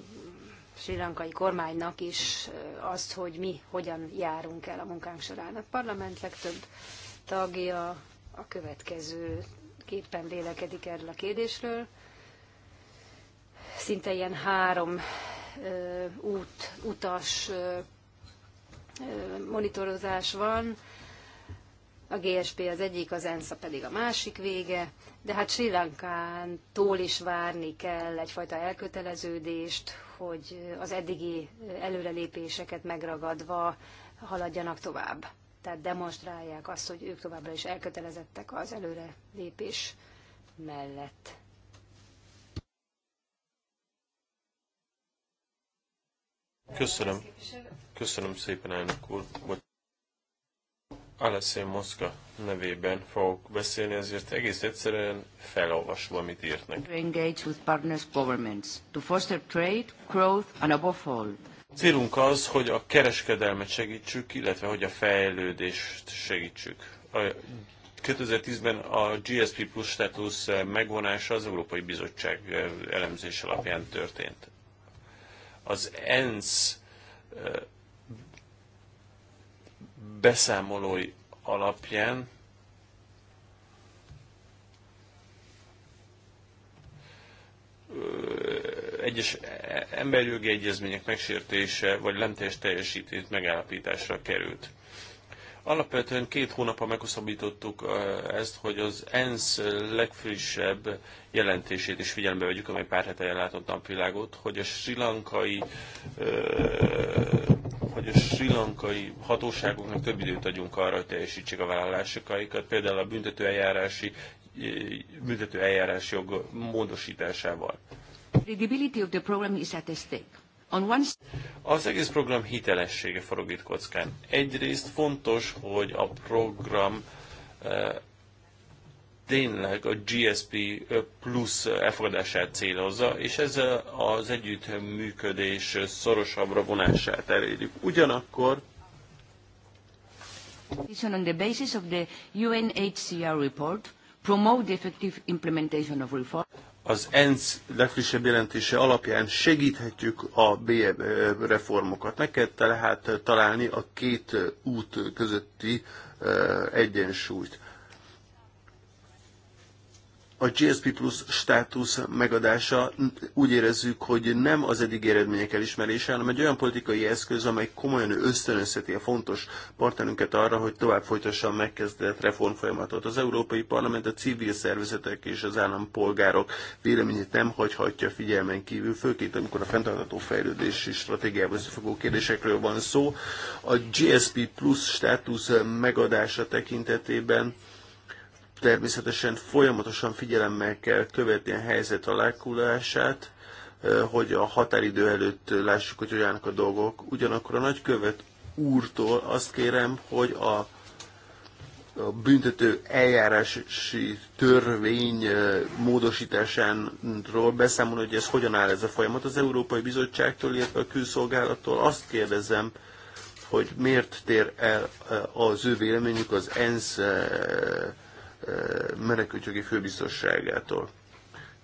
sri lankai kormánynak is azt, hogy mi hogyan járunk el a munkánk során. A parlament legtöbb tagja a következő képpen vélekedik erről a kérdésről. Szinte ilyen három ö, út, utas ö, monitorozás van, a GSP az egyik, az ENSZA pedig a másik vége, de hát Sri Lankától is várni kell egyfajta elköteleződést, hogy az eddigi előrelépéseket megragadva haladjanak tovább. Tehát demonstrálják azt, hogy ők továbbra is elkötelezettek az előrelépés mellett. Köszönöm. Köszönöm szépen, elnök úr. Alessia Moszka nevében fogok beszélni, ezért egész egyszerűen felolvasva, amit írt Engage with partners governments to foster trade, growth and above all. Célunk az, hogy a kereskedelmet segítsük, illetve hogy a fejlődést segítsük. A 2010-ben a GSP Plus státusz megvonása az Európai Bizottság elemzés alapján történt. Az ENSZ beszámolói alapján egyes emberjogi egyezmények megsértése vagy nem teljes teljesítét megállapításra került. Alapvetően két hónapra meghosszabbítottuk ezt, hogy az ENSZ legfrissebb jelentését is figyelembe vegyük, amely pár hete látott napvilágot, hogy a sri lankai hogy a sri lankai hatóságoknak több időt adjunk arra, hogy teljesítsék a vállalásokat, például a büntető eljárási, eh, büntető eljárási jog módosításával. Az egész program hitelessége forog itt kockán. Egyrészt fontos, hogy a program eh, tényleg a GSP plusz elfogadását célozza, és ez az együttműködés szorosabbra vonását elérjük. Ugyanakkor on the basis of the UNHCR report, promote the effective implementation of reform. Az ENSZ legfrissebb jelentése alapján segíthetjük a BE reformokat. Meg kell tehát találni a két út közötti egyensúlyt a GSP Plus státusz megadása úgy érezzük, hogy nem az eddig eredmények elismerése, hanem egy olyan politikai eszköz, amely komolyan ösztönözheti a fontos partnerünket arra, hogy tovább folytassa a megkezdett reformfolyamatot. Az Európai Parlament, a civil szervezetek és az állampolgárok véleményét nem hagyhatja figyelmen kívül, főként amikor a fenntartható fejlődési stratégiával összefogó kérdésekről van szó. A GSP Plus státusz megadása tekintetében Természetesen folyamatosan figyelemmel kell követni a helyzet alakulását, hogy a határidő előtt lássuk, hogy hogy állnak a dolgok. Ugyanakkor a nagykövet úrtól azt kérem, hogy a, a büntető eljárási törvény módosításánról beszámol, hogy ez hogyan áll ez a folyamat az Európai Bizottságtól, illetve a külszolgálattól. Azt kérdezem, hogy miért tér el az ő véleményük az ENSZ menekültjogi főbiztosságától.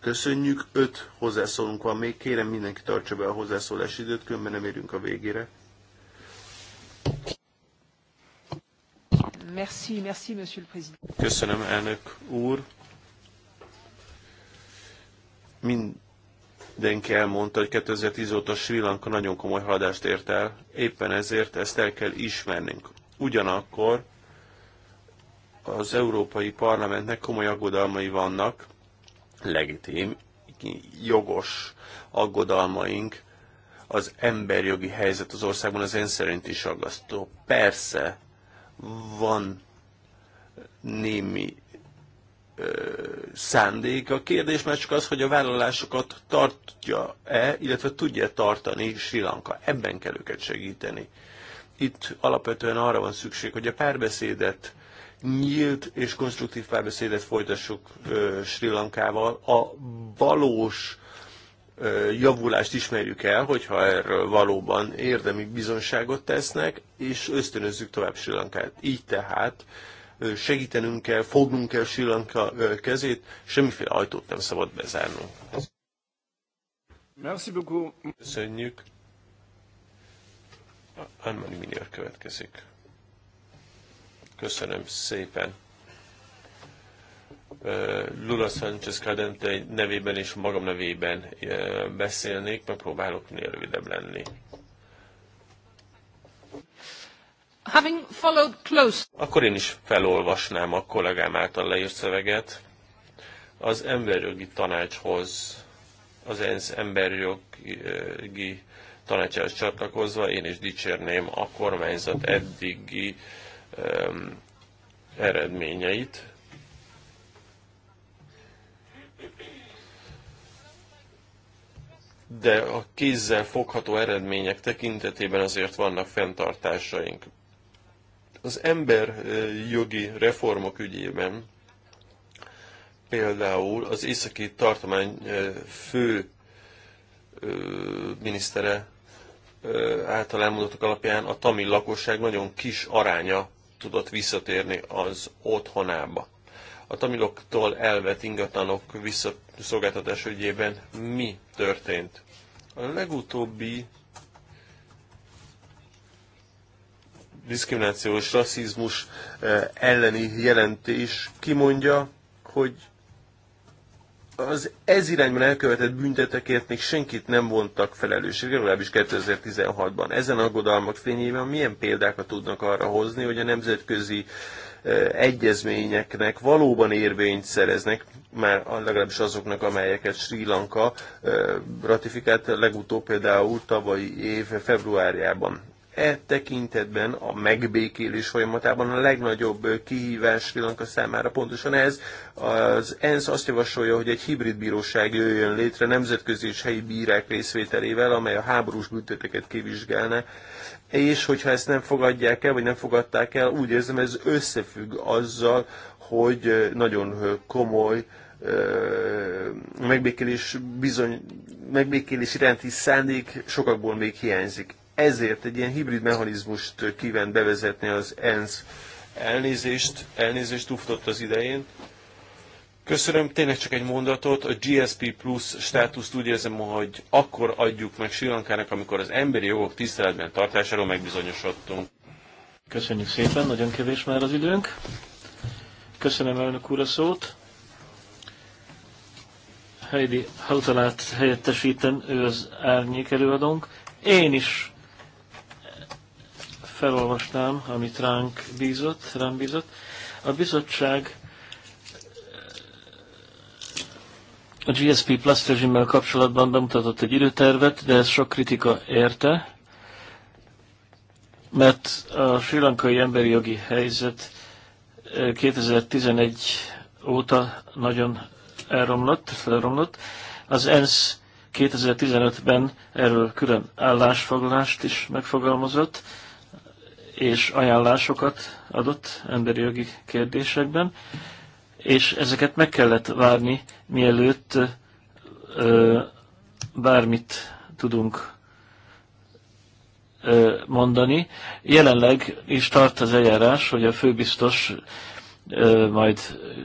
Köszönjük, öt hozzászólunk van még, kérem mindenki tartsa be a hozzászólás időt, különben nem érünk a végére. Merci, merci, monsieur le président. Köszönöm, elnök úr. Mindenki elmondta, hogy 2010 óta Sri Lanka nagyon komoly haladást ért el, éppen ezért ezt el kell ismernünk. Ugyanakkor az Európai Parlamentnek komoly aggodalmai vannak, legitim, jogos aggodalmaink, az emberjogi helyzet az országban az én szerint is aggasztó. Persze van némi ö, szándék. A kérdés már csak az, hogy a vállalásokat tartja-e, illetve tudja tartani Sri Lanka. Ebben kell őket segíteni. Itt alapvetően arra van szükség, hogy a párbeszédet nyílt és konstruktív párbeszédet folytassuk Sri Lankával. A valós javulást ismerjük el, hogyha erről valóban érdemi bizonságot tesznek, és ösztönözzük tovább Sri Lankát. Így tehát segítenünk kell, fognunk kell Sri Lanka kezét, semmiféle ajtót nem szabad bezárnunk. Merci beaucoup. Köszönjük. Anmani Minior következik. Köszönöm szépen. Lula Sanchez Cadente nevében és magam nevében beszélnék, próbálok minél rövidebb lenni. Having followed close. Akkor én is felolvasnám a kollégám által leírt szöveget. Az emberjogi tanácshoz, az ENSZ emberjogi tanácsához csatlakozva én is dicsérném a kormányzat eddigi eredményeit. De a kézzel fogható eredmények tekintetében azért vannak fenntartásaink. Az emberjogi reformok ügyében például az északi tartomány fő minisztere által elmondottak alapján a tamil lakosság nagyon kis aránya tudott visszatérni az otthonába. A tamiloktól elvett ingatlanok visszaszolgáltatás ügyében mi történt? A legutóbbi diszkriminációs rasszizmus eh, elleni jelentés kimondja, hogy az ez irányban elkövetett büntetekért még senkit nem vontak felelősségre, legalábbis 2016-ban. Ezen aggodalmak fényében milyen példákat tudnak arra hozni, hogy a nemzetközi e, egyezményeknek valóban érvényt szereznek, már legalábbis azoknak, amelyeket Sri Lanka e, ratifikált legutóbb például tavalyi év februárjában. E tekintetben a megbékélés folyamatában a legnagyobb kihívás Sri Lanka számára pontosan ez. Az ENSZ azt javasolja, hogy egy hibrid bíróság jöjjön létre nemzetközi és helyi bírák részvételével, amely a háborús bünteteket kivizsgálna és hogyha ezt nem fogadják el, vagy nem fogadták el, úgy érzem, ez összefügg azzal, hogy nagyon komoly megbékélés, bizony, megbékélés iránti szándék sokakból még hiányzik ezért egy ilyen hibrid mechanizmust kívánt bevezetni az ENSZ. Elnézést, elnézést tuftott az idején. Köszönöm, tényleg csak egy mondatot. A GSP Plus státuszt úgy érzem, hogy akkor adjuk meg Sri Lankának, amikor az emberi jogok tiszteletben tartásáról megbizonyosodtunk. Köszönjük szépen, nagyon kevés már az időnk. Köszönöm elnök úr a szót. Heidi Hautalát helyettesítem, ő az árnyék előadónk. Én is felolvasnám, amit ránk bízott, rám bízott. A bizottság a GSP Plus rezsimmel kapcsolatban bemutatott egy időtervet, de ez sok kritika érte, mert a sri lankai emberi jogi helyzet 2011 óta nagyon elromlott, felromlott. Az ENSZ 2015-ben erről külön állásfoglalást is megfogalmazott, és ajánlásokat adott emberi jogi kérdésekben, és ezeket meg kellett várni, mielőtt ö, bármit tudunk ö, mondani. Jelenleg is tart az eljárás, hogy a főbiztos ö, majd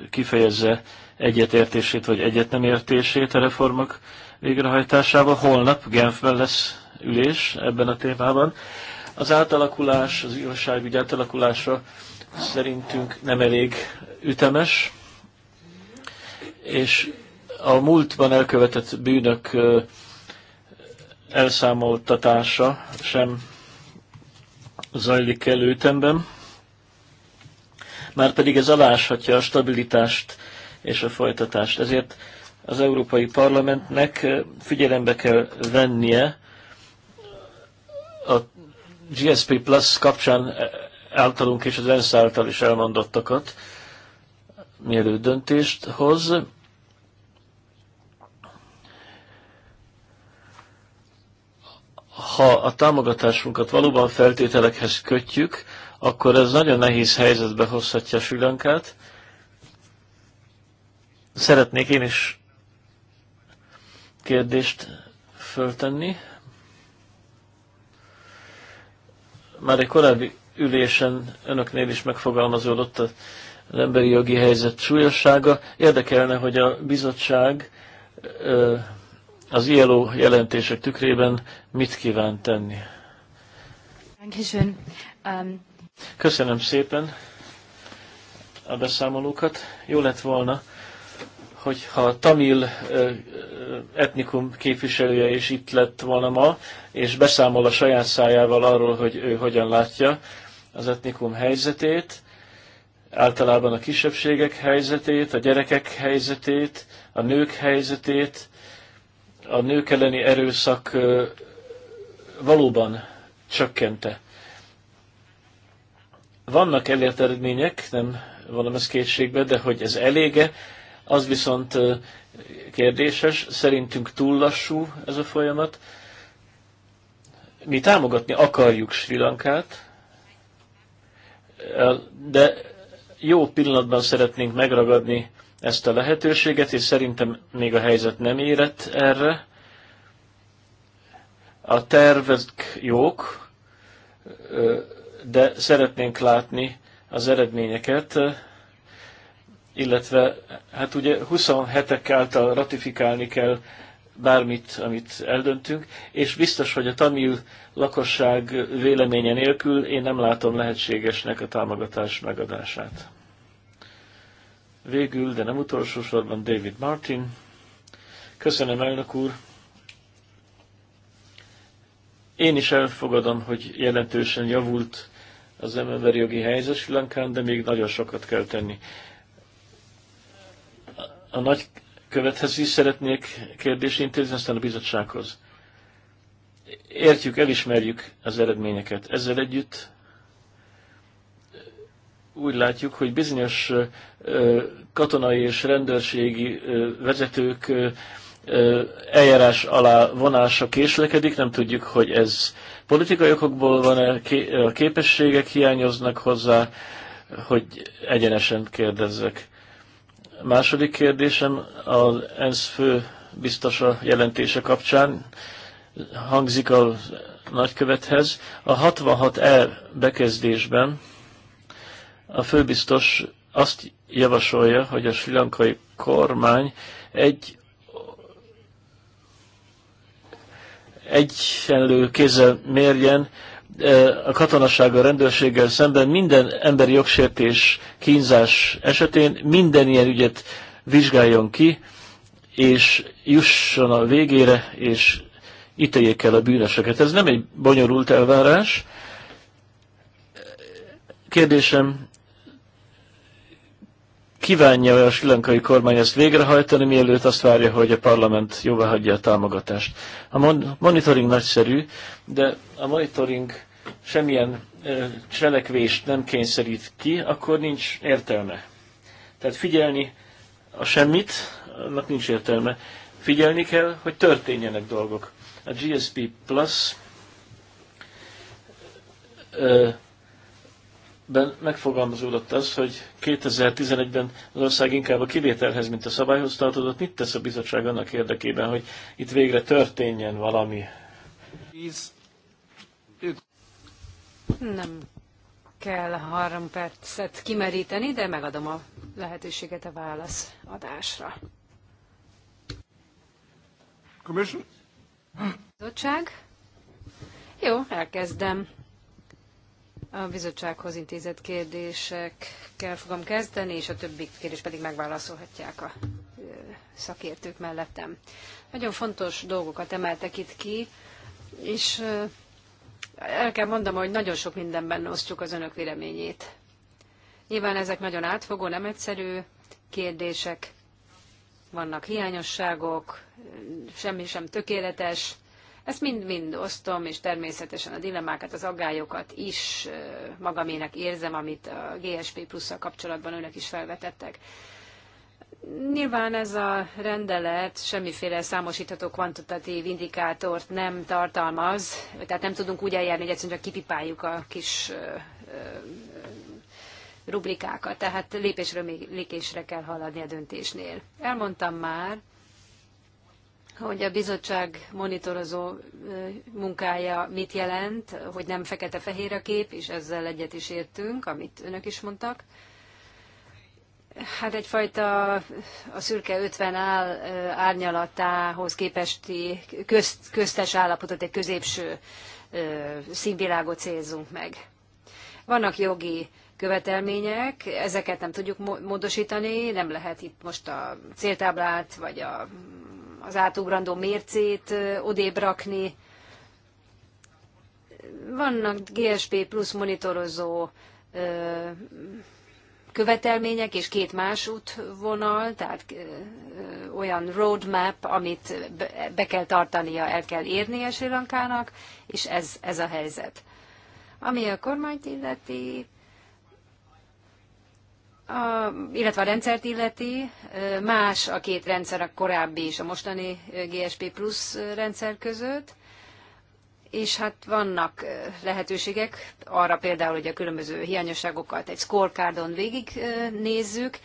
kifejezze egyetértését vagy egyet nem értését a reformok végrehajtásával. Holnap Genfben lesz ülés ebben a témában, az átalakulás, az igazságügy átalakulása szerintünk nem elég ütemes, és a múltban elkövetett bűnök elszámoltatása sem zajlik ütemben, már pedig ez aláshatja a stabilitást és a folytatást. Ezért az Európai Parlamentnek figyelembe kell vennie a GSP Plus kapcsán általunk e, és az ENSZ által is elmondottakat, mielőtt döntést hoz. Ha a támogatásunkat valóban feltételekhez kötjük, akkor ez nagyon nehéz helyzetbe hozhatja Sri Lankát. Szeretnék én is kérdést föltenni. már egy korábbi ülésen önöknél is megfogalmazódott az emberi jogi helyzet súlyossága. Érdekelne, hogy a bizottság az ILO jelentések tükrében mit kíván tenni. Um, Köszönöm szépen a beszámolókat. Jó lett volna, hogyha a tamil etnikum képviselője is itt lett volna ma, és beszámol a saját szájával arról, hogy ő hogyan látja az etnikum helyzetét, általában a kisebbségek helyzetét, a gyerekek helyzetét, a nők helyzetét, a nők elleni erőszak valóban csökkente. Vannak elért eredmények, nem valami ez kétségbe, de hogy ez elége, az viszont kérdéses, szerintünk túl lassú ez a folyamat. Mi támogatni akarjuk Sri Lankát, de jó pillanatban szeretnénk megragadni ezt a lehetőséget, és szerintem még a helyzet nem érett erre. A tervek jók, de szeretnénk látni az eredményeket, illetve hát ugye 27-ek által ratifikálni kell bármit, amit eldöntünk, és biztos, hogy a tamil lakosság véleménye nélkül én nem látom lehetségesnek a támogatás megadását. Végül, de nem utolsó sorban David Martin. Köszönöm, elnök úr! Én is elfogadom, hogy jelentősen javult az emberi jogi helyzet Sri Lankán, de még nagyon sokat kell tenni a követhez is szeretnék kérdést intézni, aztán a bizottsághoz. Értjük, elismerjük az eredményeket. Ezzel együtt úgy látjuk, hogy bizonyos katonai és rendőrségi vezetők eljárás alá vonása késlekedik, nem tudjuk, hogy ez politikai okokból van-e, a képességek hiányoznak hozzá, hogy egyenesen kérdezzek. Második kérdésem az ENSZ fő biztosa jelentése kapcsán hangzik a nagykövethez. A 66 r e bekezdésben a főbiztos azt javasolja, hogy a sri lankai kormány egy egyenlő kézzel mérjen a katonassággal, rendőrséggel szemben minden emberi jogsértés, kínzás esetén minden ilyen ügyet vizsgáljon ki, és jusson a végére, és ítéljék el a bűnösöket. Ez nem egy bonyolult elvárás. Kérdésem kívánja a srilankai kormány ezt végrehajtani, mielőtt azt várja, hogy a parlament jóvá hagyja a támogatást. A monitoring nagyszerű, de a monitoring semmilyen cselekvést nem kényszerít ki, akkor nincs értelme. Tehát figyelni a semmit, annak nincs értelme. Figyelni kell, hogy történjenek dolgok. A GSP Plus ben megfogalmazódott az, hogy 2011-ben az ország inkább a kivételhez, mint a szabályhoz tartozott. Mit tesz a bizottság annak érdekében, hogy itt végre történjen valami? Nem kell három percet kimeríteni, de megadom a lehetőséget a válasz adásra. Commission? Bizottság? Jó, elkezdem. A bizottsághoz intézett kérdésekkel fogom kezdeni, és a többi kérdés pedig megválaszolhatják a szakértők mellettem. Nagyon fontos dolgokat emeltek itt ki, és el kell mondanom, hogy nagyon sok mindenben osztjuk az önök véleményét. Nyilván ezek nagyon átfogó, nem egyszerű kérdések, vannak hiányosságok, semmi sem tökéletes, ezt mind-mind osztom, és természetesen a dilemmákat, az aggályokat is magamének érzem, amit a GSP plusz kapcsolatban önök is felvetettek. Nyilván ez a rendelet semmiféle számosítható kvantitatív indikátort nem tartalmaz, tehát nem tudunk úgy eljárni, hogy egyszerűen csak kipipáljuk a kis rubrikákat, tehát lépésről még lépésre kell haladni a döntésnél. Elmondtam már, hogy a bizottság monitorozó munkája mit jelent, hogy nem fekete-fehér a kép, és ezzel egyet is értünk, amit önök is mondtak. Hát egyfajta a szürke 50 áll árnyalatához képesti közt, köztes állapotot, egy középső színvilágot célzunk meg. Vannak jogi követelmények, ezeket nem tudjuk módosítani, nem lehet itt most a céltáblát vagy a az átugrandó mércét odébb rakni. Vannak GSP plusz monitorozó követelmények és két más útvonal, tehát olyan roadmap, amit be kell tartania, el kell a Sri Lankának, és ez, ez a helyzet. Ami a kormányt illeti, a, illetve a rendszert illeti, más a két rendszer a korábbi és a mostani GSP Plus rendszer között, és hát vannak lehetőségek arra például, hogy a különböző hiányosságokat egy scorecardon végig nézzük,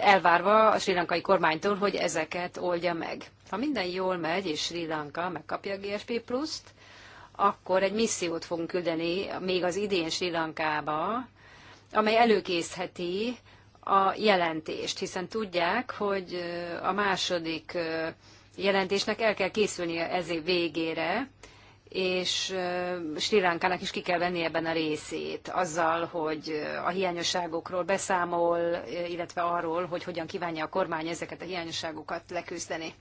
elvárva a sri lankai kormánytól, hogy ezeket oldja meg. Ha minden jól megy, és Sri Lanka megkapja a GSP Plus-t, akkor egy missziót fogunk küldeni még az idén Sri Lankába, amely előkészheti a jelentést, hiszen tudják, hogy a második jelentésnek el kell készülnie ez év végére, és Sri Lankának is ki kell venni ebben a részét, azzal, hogy a hiányosságokról beszámol, illetve arról, hogy hogyan kívánja a kormány ezeket a hiányosságokat leküzdeni.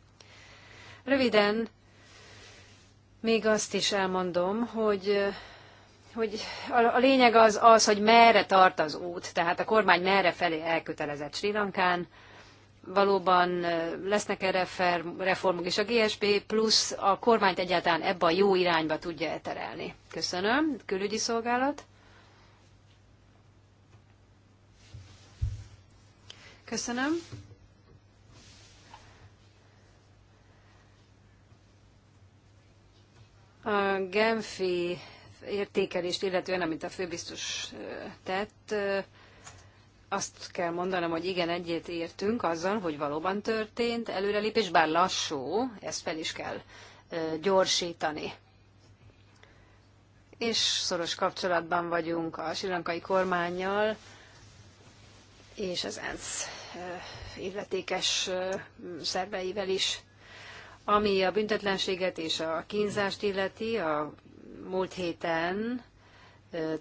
Röviden még azt is elmondom, hogy hogy a lényeg az az, hogy merre tart az út, tehát a kormány merre felé elkötelezett Sri Lankán, valóban lesznek erre reformok, és a GSP plusz a kormányt egyáltalán ebbe a jó irányba tudja elterelni. Köszönöm. Külügyi szolgálat. Köszönöm. A Genfi értékelést illetően, amit a főbiztos tett, azt kell mondanom, hogy igen, egyet értünk azzal, hogy valóban történt előrelépés, bár lassú, ezt fel is kell gyorsítani. És szoros kapcsolatban vagyunk a silankai kormányjal, és az ENSZ illetékes szerveivel is. Ami a büntetlenséget és a kínzást illeti, a múlt héten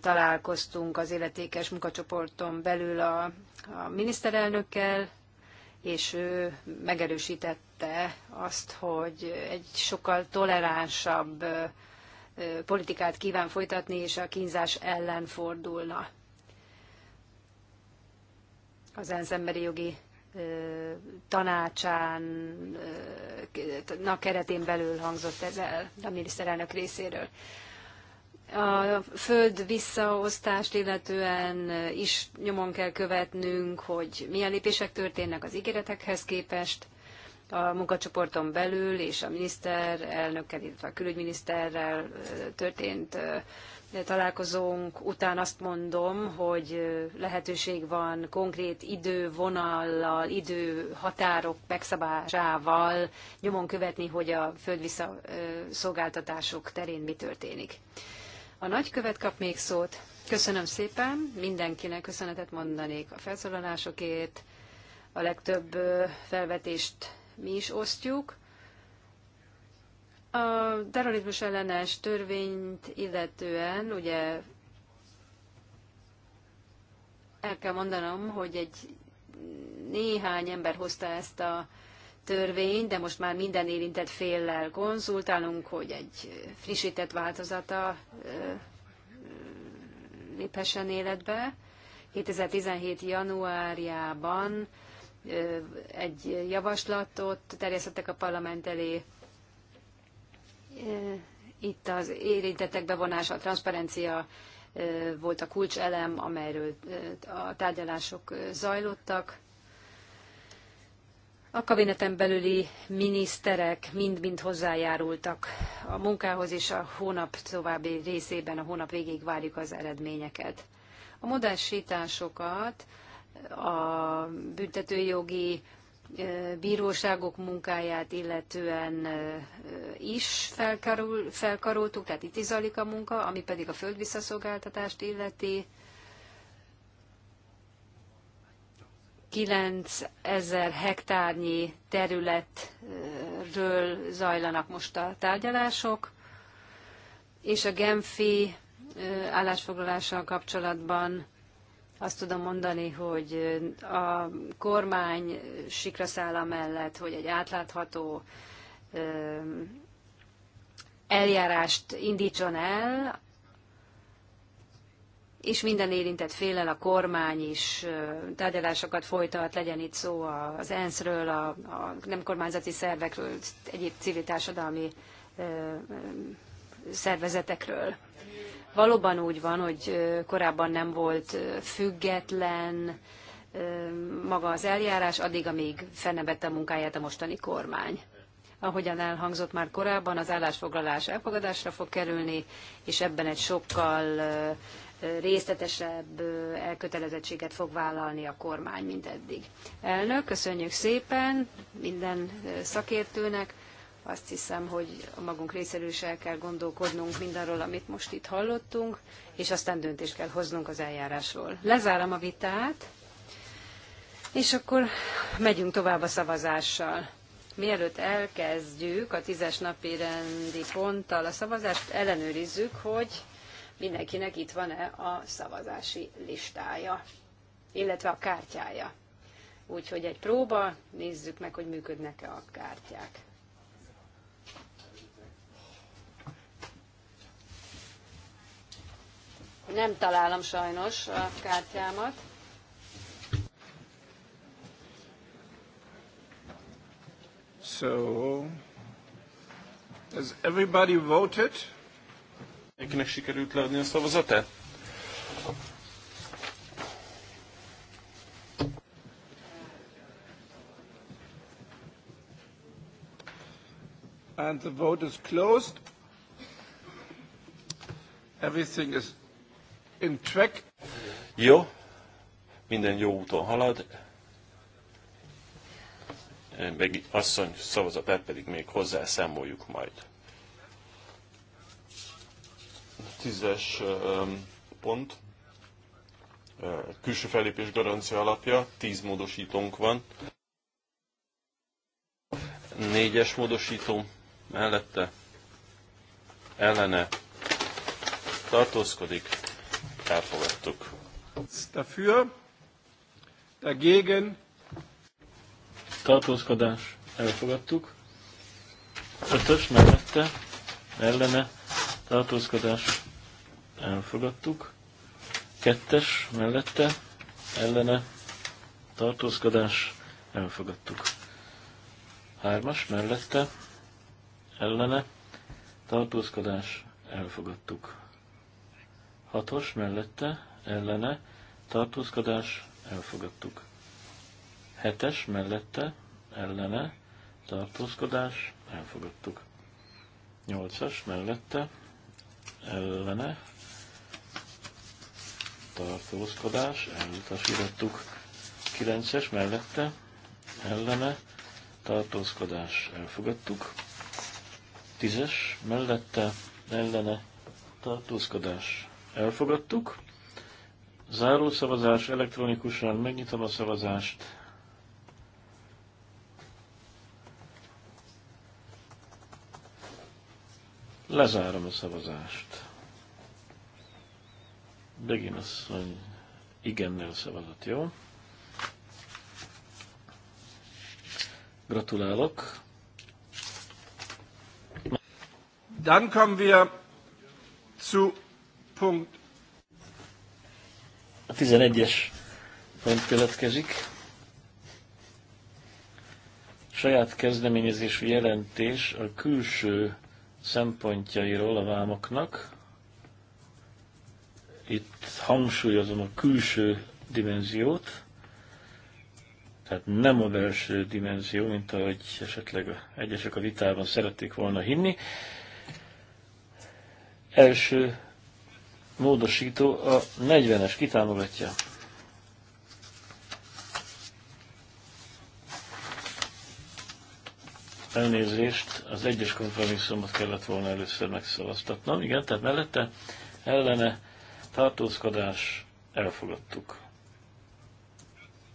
találkoztunk az életékes munkacsoporton belül a, a miniszterelnökkel, és ő megerősítette azt, hogy egy sokkal toleránsabb politikát kíván folytatni, és a kínzás ellen fordulna. Az ENSZ emberi jogi tanácsán keretén belül hangzott ez el a miniszterelnök részéről a föld visszaosztást illetően is nyomon kell követnünk, hogy milyen lépések történnek az ígéretekhez képest a munkacsoporton belül és a miniszter elnökkel, illetve a külügyminiszterrel történt találkozónk után azt mondom, hogy lehetőség van konkrét idővonallal, időhatárok megszabásával nyomon követni, hogy a föld visszaszolgáltatások terén mi történik. A nagykövet kap még szót. Köszönöm szépen, mindenkinek köszönetet mondanék a felszólalásokért. A legtöbb felvetést mi is osztjuk. A terrorizmus ellenes törvényt illetően ugye el kell mondanom, hogy egy néhány ember hozta ezt a törvény, de most már minden érintett féllel konzultálunk, hogy egy frissített változata léphessen életbe. 2017. januárjában egy javaslatot terjesztettek a parlament elé. Itt az érintettek bevonása, a transzparencia volt a kulcselem, amelyről a tárgyalások zajlottak. A kabineten belüli miniszterek mind-mind hozzájárultak a munkához, és a hónap további részében, a hónap végéig várjuk az eredményeket. A modellsításokat a büntetőjogi bíróságok munkáját illetően is felkarul, felkaroltuk, tehát itt is zajlik a munka, ami pedig a földvisszaszolgáltatást illeti. 9000 ezer hektárnyi területről zajlanak most a tárgyalások, és a Genfi állásfoglalással kapcsolatban azt tudom mondani, hogy a kormány sikraszála mellett, hogy egy átlátható eljárást indítson el, és minden érintett félel a kormány is tárgyalásokat folytat, legyen itt szó az ENSZ-ről, a, a nem kormányzati szervekről, egyéb civil társadalmi ö, szervezetekről. Valóban úgy van, hogy korábban nem volt független maga az eljárás, addig, amíg fennebette a munkáját a mostani kormány ahogyan elhangzott már korábban, az állásfoglalás elfogadásra fog kerülni, és ebben egy sokkal részletesebb elkötelezettséget fog vállalni a kormány, mint eddig. Elnök, köszönjük szépen minden szakértőnek. Azt hiszem, hogy a magunk részéről is el kell gondolkodnunk mindarról, amit most itt hallottunk, és aztán döntést kell hoznunk az eljárásról. Lezárom a vitát, és akkor megyünk tovább a szavazással. Mielőtt elkezdjük a tízes napi rendi ponttal a szavazást, ellenőrizzük, hogy mindenkinek itt van-e a szavazási listája, illetve a kártyája. Úgyhogy egy próba, nézzük meg, hogy működnek-e a kártyák. Nem találom sajnos a kártyámat. So, has everybody voted? Mindenkinek sikerült leadni a szavazatát? And the vote is closed. Everything is in track. Jó. Minden jó úton halad. Meg asszony szavazatát pedig még hozzá számoljuk majd. Tízes pont, külső fellépés garancia alapja, tíz módosítónk van. Négyes módosító mellette ellene tartózkodik, elfogadtuk. Dafür, dagegen. Tartózkodás, elfogadtuk. Ötös mellette, ellene tartózkodás, elfogadtuk. Kettes mellette, ellene, tartózkodás, elfogadtuk. Hármas mellette, ellene, tartózkodás, elfogadtuk. Hatos mellette, ellene, tartózkodás, elfogadtuk. Hetes mellette, ellene, tartózkodás, elfogadtuk. Nyolcas mellette, ellene tartózkodás, elutasítottuk 9-es mellette ellene tartózkodás, elfogadtuk 10-es mellette ellene tartózkodás, elfogadtuk. Záró szavazás elektronikusan, megnyitom a szavazást. Lezárom a szavazást. Begin asszony igennel szavazott, jó? Gratulálok. Dann kommen wir zu Punkt. A 11-es pont következik. Saját kezdeményezésű jelentés a külső szempontjairól a vámoknak. Itt hangsúlyozom a külső dimenziót, tehát nem a belső dimenzió, mint ahogy esetleg egyesek a vitában szerették volna hinni. Első módosító a 40-es kitámogatja elnézést, az egyes kompromisszumot kellett volna először megszavaztatnom. Igen, tehát mellette ellene tartózkodás elfogadtuk.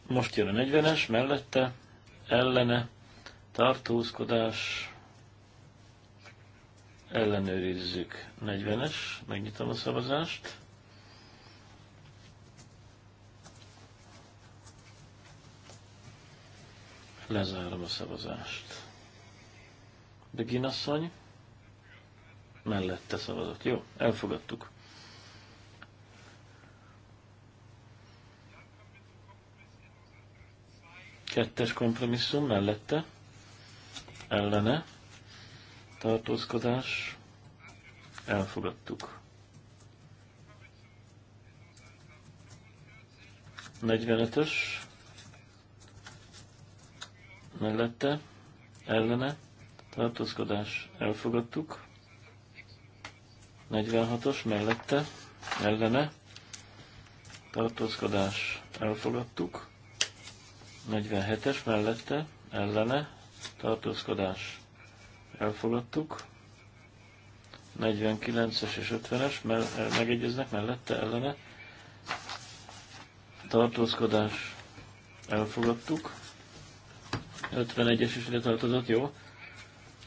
Most jön a 40-es, mellette ellene tartózkodás ellenőrizzük. 40-es, megnyitom a szavazást. Lezárom a szavazást. De Ginasszony mellette szavazott. Jó, elfogadtuk. Kettes kompromisszum mellette, ellene, tartózkodás, elfogadtuk. 45-ös, mellette, ellene, tartózkodás elfogadtuk. 46-os mellette, ellene, tartózkodás elfogadtuk. 47-es mellette, ellene, tartózkodás elfogadtuk. 49-es és 50-es eh, megegyeznek mellette, ellene, tartózkodás elfogadtuk. 51-es is ide tartozott, jó.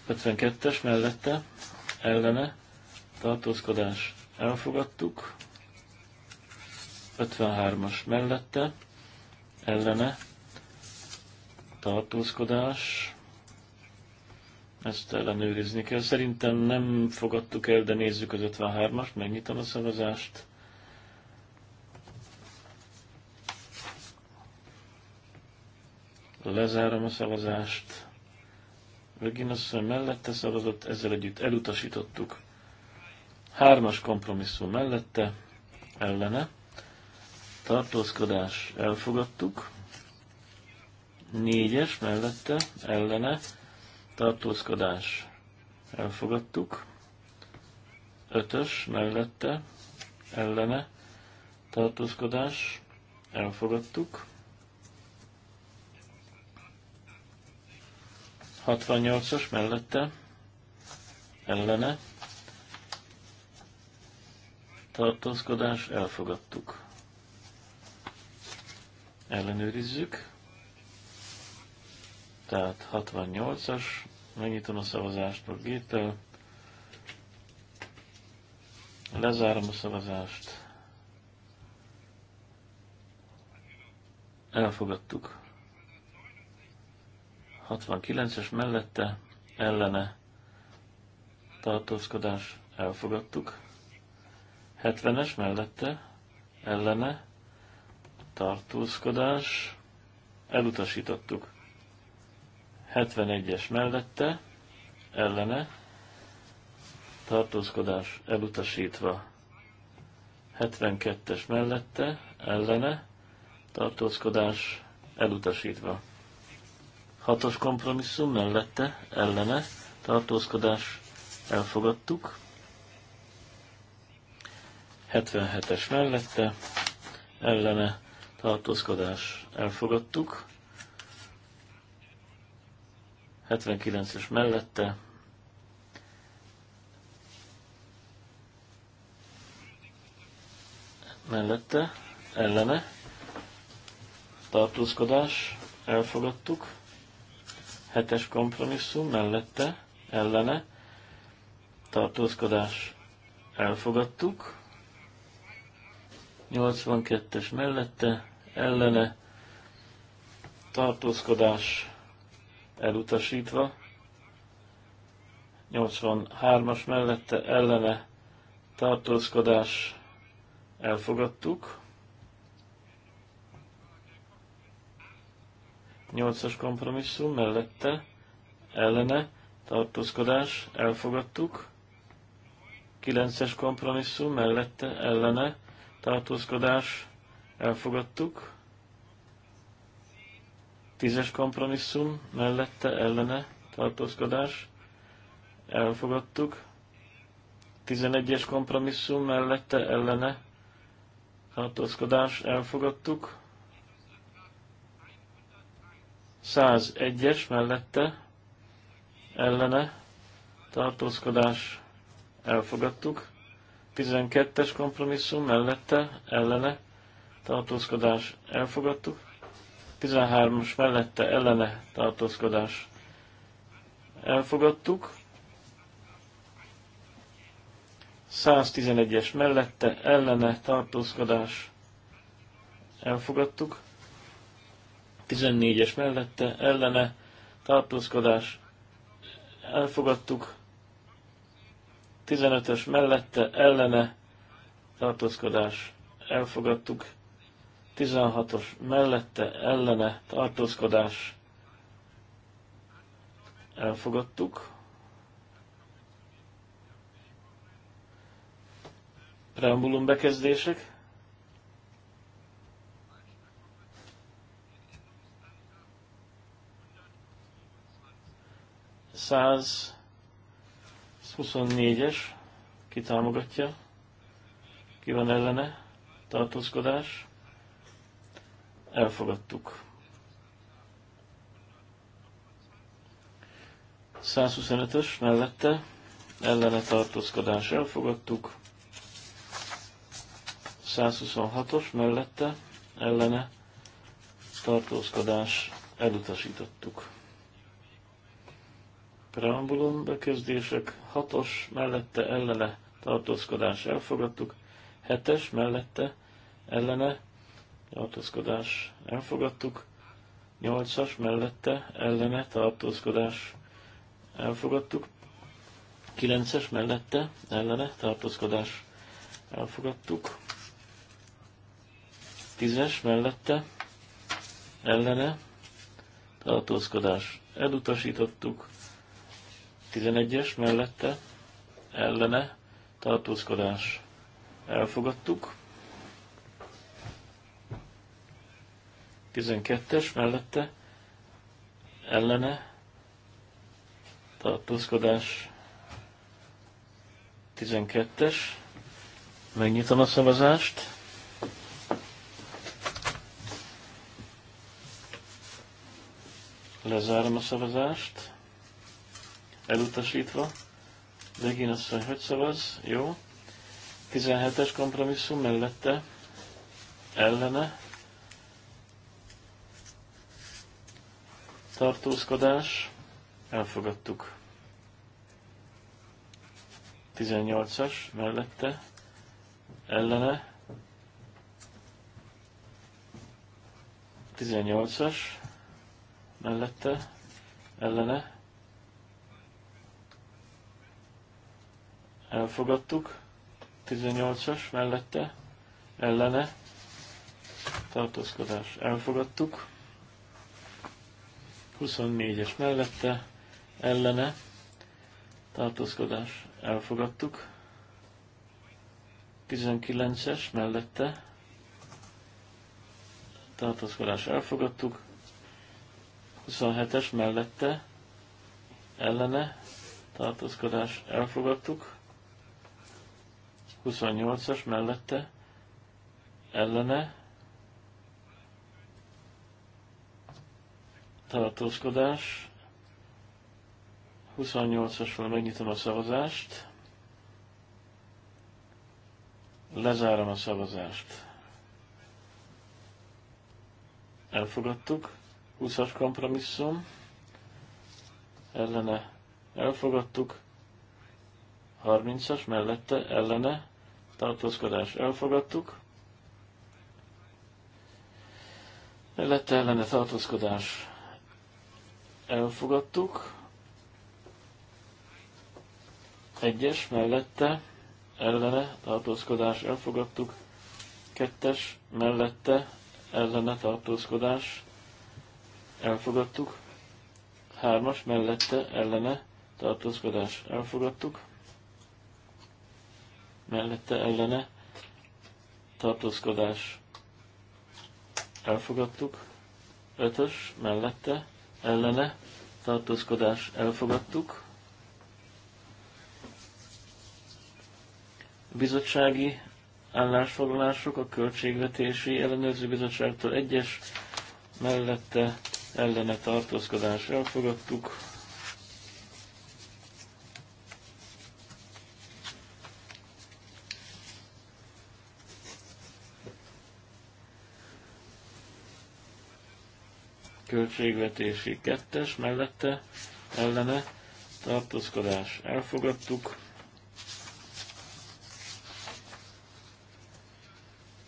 52-es mellette ellene tartózkodás elfogadtuk. 53-as mellette ellene tartózkodás. Ezt ellenőrizni kell. Szerintem nem fogadtuk el, de nézzük az 53-ast. Megnyitom a szavazást. Lezárom a szavazást. Regina asszony mellette szavazott, ezzel együtt elutasítottuk. Hármas kompromisszum mellette, ellene. Tartózkodás elfogadtuk. Négyes mellette, ellene. Tartózkodás elfogadtuk. Ötös mellette, ellene. Tartózkodás elfogadtuk. 68-as mellette, ellene, tartózkodás, elfogadtuk. Ellenőrizzük. Tehát 68-as, megnyitom a szavazást a géppel, lezárom a szavazást, elfogadtuk. 69-es mellette ellene tartózkodás elfogadtuk. 70-es mellette ellene tartózkodás elutasítottuk. 71-es mellette ellene tartózkodás elutasítva. 72-es mellette ellene tartózkodás elutasítva. Hatos kompromisszum mellette, ellene, tartózkodás, elfogadtuk. 77-es mellette, ellene, tartózkodás, elfogadtuk. 79-es mellette, mellette, ellene, tartózkodás, elfogadtuk. Hetes kompromisszum mellette, ellene, tartózkodás elfogadtuk. 82-es mellette, ellene, tartózkodás elutasítva. 83-as mellette, ellene, tartózkodás elfogadtuk. 8-as kompromisszum mellette, ellene, tartózkodás, elfogadtuk. 9-es kompromisszum mellette, ellene, tartózkodás, elfogadtuk. 10-es kompromisszum mellette, ellene, tartózkodás, elfogadtuk. 11-es kompromisszum mellette, ellene, tartózkodás, elfogadtuk. 101-es mellette ellene tartózkodás elfogadtuk. 12-es kompromisszum mellette ellene tartózkodás elfogadtuk. 13-as mellette ellene tartózkodás elfogadtuk. 111-es mellette ellene tartózkodás elfogadtuk. 14-es mellette ellene tartózkodás elfogadtuk, 15-ös mellette ellene tartózkodás elfogadtuk, 16-os mellette ellene tartózkodás elfogadtuk. Preambulum bekezdések. 124-es kitámogatja, ki van ellene, tartózkodás, elfogadtuk. 125-ös mellette, ellene tartózkodás elfogadtuk. 126-os mellette, ellene tartózkodás elutasítottuk. Preambulum bekezdések, 6-os mellette ellene tartózkodás elfogadtuk, 7-es mellette ellene tartózkodás elfogadtuk, 8-as mellette ellene tartózkodás elfogadtuk, 9-es mellette ellene tartózkodás elfogadtuk, 10-es mellette ellene tartózkodás elutasítottuk, 11-es mellette ellene tartózkodás elfogadtuk. 12-es mellette ellene tartózkodás 12-es. Megnyitom a szavazást. Lezárom a szavazást elutasítva. Begin asszony hogy szavaz? Jó. 17-es kompromisszum mellette, ellene, tartózkodás, elfogadtuk. 18-as mellette, ellene, 18-as mellette, ellene, elfogadtuk. 18-as mellette, ellene, tartózkodás, elfogadtuk. 24-es mellette, ellene, tartózkodás, elfogadtuk. 19-es mellette, tartózkodás, elfogadtuk. 27-es mellette, ellene, tartózkodás, elfogadtuk. 28-as mellette ellene tartózkodás. 28-asról megnyitom a szavazást. Lezárom a szavazást. Elfogadtuk. 20-as kompromisszum. Ellene elfogadtuk. 30-as mellette ellene tartózkodás elfogadtuk. Mellette ellene tartózkodás elfogadtuk. Egyes mellette ellene tartózkodás elfogadtuk. Kettes mellette ellene tartózkodás elfogadtuk. Hármas mellette ellene tartózkodás elfogadtuk mellette ellene tartózkodás elfogadtuk, ötös mellette ellene tartózkodás elfogadtuk, bizottsági állásfoglalások a Költségvetési Ellenőrző Bizottságtól egyes, mellette ellene tartózkodás elfogadtuk, költségvetési kettes mellette ellene tartózkodás elfogadtuk.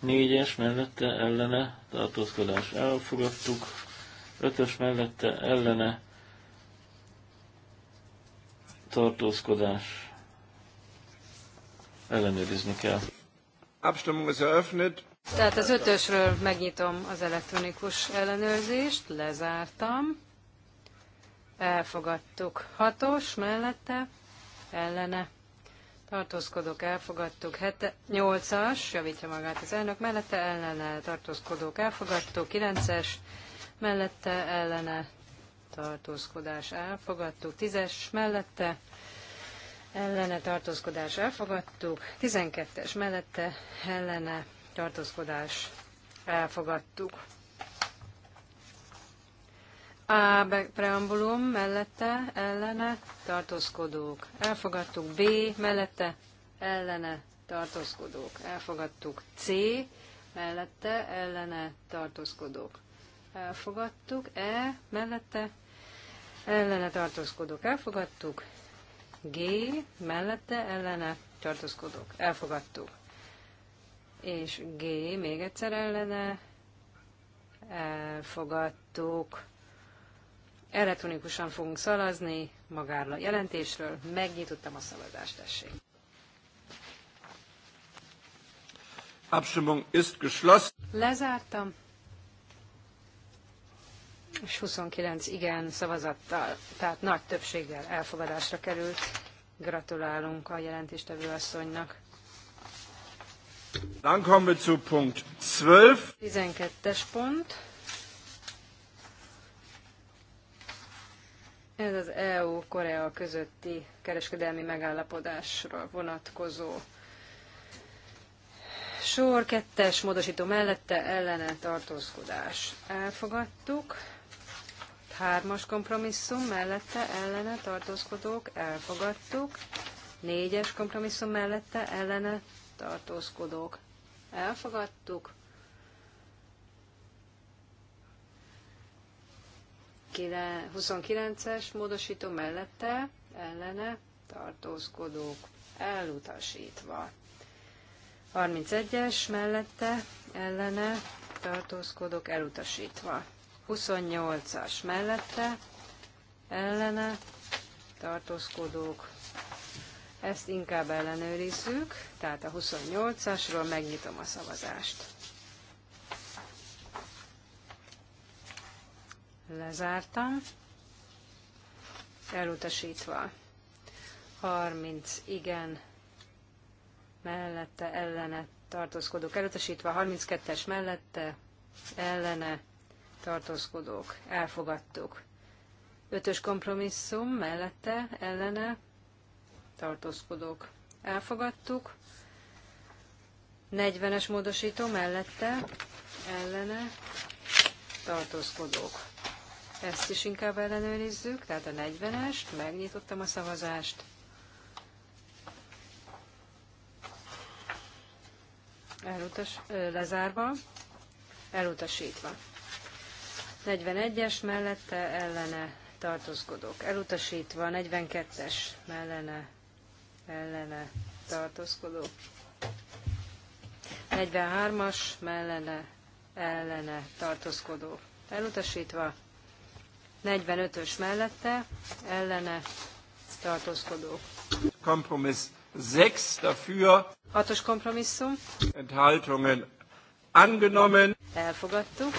Négyes mellette ellene tartózkodás elfogadtuk. Ötös mellette ellene tartózkodás ellenőrizni kell. Abstimmung ist eröffnet. Tehát az ötösről megnyitom az elektronikus ellenőrzést, lezártam. Elfogadtuk. Hatos mellette, ellene. Tartózkodók elfogadtuk. Hete, nyolcas, javítja magát az elnök, mellette ellene. Tartózkodók elfogadtuk. Kilences, mellette ellene. Tartózkodás elfogadtuk. Tízes, mellette ellene. Tartózkodás elfogadtuk. Tizenkettes, mellette ellene tartózkodás elfogadtuk. A preambulum mellette ellene tartózkodók elfogadtuk, B mellette ellene tartózkodók elfogadtuk, C mellette ellene tartózkodók elfogadtuk, E mellette ellene tartózkodók elfogadtuk, G mellette ellene tartózkodók elfogadtuk és G még egyszer ellene elfogadtuk. Elektronikusan fogunk szalazni magáról a jelentésről. Megnyitottam a szavazást, tessék. Abstimmung ist geschlossen. Lezártam. És 29 igen szavazattal, tehát nagy többséggel elfogadásra került. Gratulálunk a jelentéstevő asszonynak. Dann kommen wir zu Punkt 12. 12 pont. Ez az EU-Korea közötti kereskedelmi megállapodásra vonatkozó sor, kettes módosító mellette ellene tartózkodás. Elfogadtuk. Hármas kompromisszum mellette ellene tartózkodók elfogadtuk. Négyes kompromisszum mellette ellene tartózkodók elfogadtuk. 29-es módosító mellette ellene tartózkodók elutasítva. 31-es mellette ellene tartózkodók elutasítva. 28-as mellette ellene tartózkodók ezt inkább ellenőrizzük, tehát a 28-asról megnyitom a szavazást. Lezártam. Elutasítva. 30 igen mellette ellene tartózkodók elutasítva, 32-es mellette ellene tartózkodók elfogadtuk. Ötös kompromisszum mellette ellene tartózkodók elfogadtuk. 40-es módosító mellette ellene tartózkodók. Ezt is inkább ellenőrizzük, tehát a 40-est, megnyitottam a szavazást. Elutas, lezárva, elutasítva. 41-es mellette ellene tartózkodók. Elutasítva 42-es mellene ellene tartózkodó. 43-as mellene ellene tartózkodó elutasítva, 45-ös mellette ellene tartózkodó. Kompromiss 6 dafür. 6-os kompromisszum. Enthaltungen angenommen. Elfogadtuk.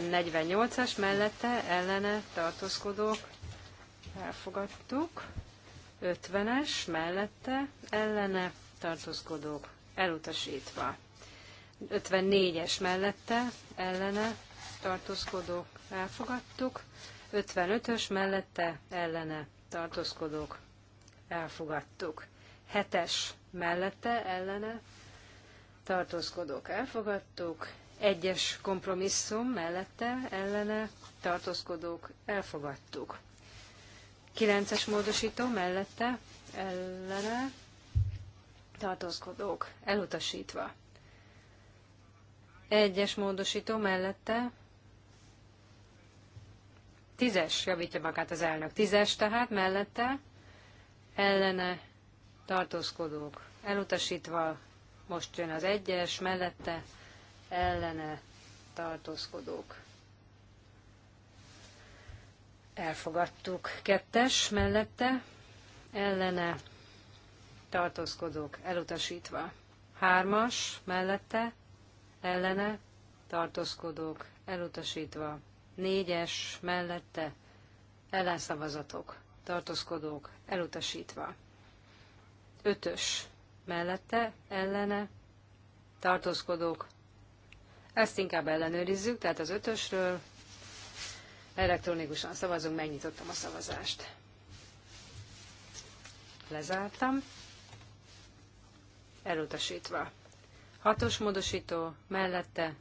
48-as mellette ellene tartózkodók. Elfogadtuk. 50-es mellette ellene tartózkodók elutasítva. 54-es mellette ellene tartózkodók elfogadtuk. 55-ös mellette ellene tartózkodók elfogadtuk. 7-es mellette ellene tartózkodók elfogadtuk. 1-es kompromisszum mellette ellene tartózkodók elfogadtuk kilences módosító mellette ellene tartózkodók elutasítva. Egyes módosító mellette tízes, javítja magát az elnök. Tízes tehát mellette ellene tartózkodók elutasítva. Most jön az egyes, mellette ellene tartózkodók Elfogadtuk. Kettes mellette, ellene, tartózkodók elutasítva. Hármas mellette, ellene, tartózkodók elutasítva. Négyes mellette, ellenszavazatok, tartózkodók elutasítva. Ötös mellette, ellene, tartózkodók. Ezt inkább ellenőrizzük, tehát az ötösről Elektronikusan szavazunk, megnyitottam a szavazást. Lezártam. Elutasítva. Hatos módosító, mellette,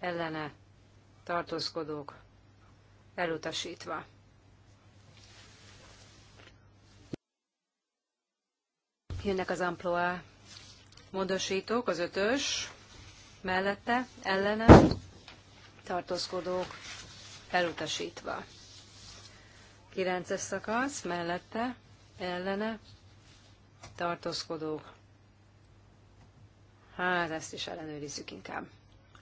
ellene, tartózkodók, elutasítva. Jönnek az amploá módosítók, az ötös, mellette, ellene, tartózkodók, elutasítva. 9 szakasz mellette, ellene, tartózkodók. Hát ezt is ellenőrizzük inkább.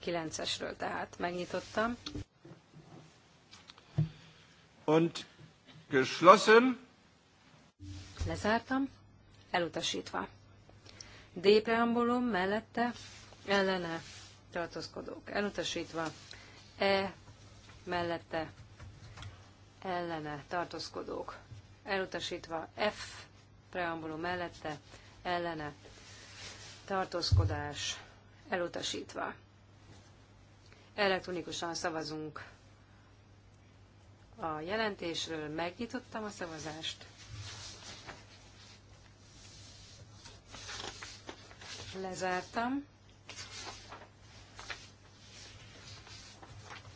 9-esről tehát megnyitottam. Und geschlossen. Lezártam, elutasítva. D preambulum mellette, ellene, tartózkodók. Elutasítva. E mellette ellene tartózkodók elutasítva, F preambulum mellette ellene tartózkodás elutasítva. Elektronikusan szavazunk a jelentésről, megnyitottam a szavazást. Lezártam.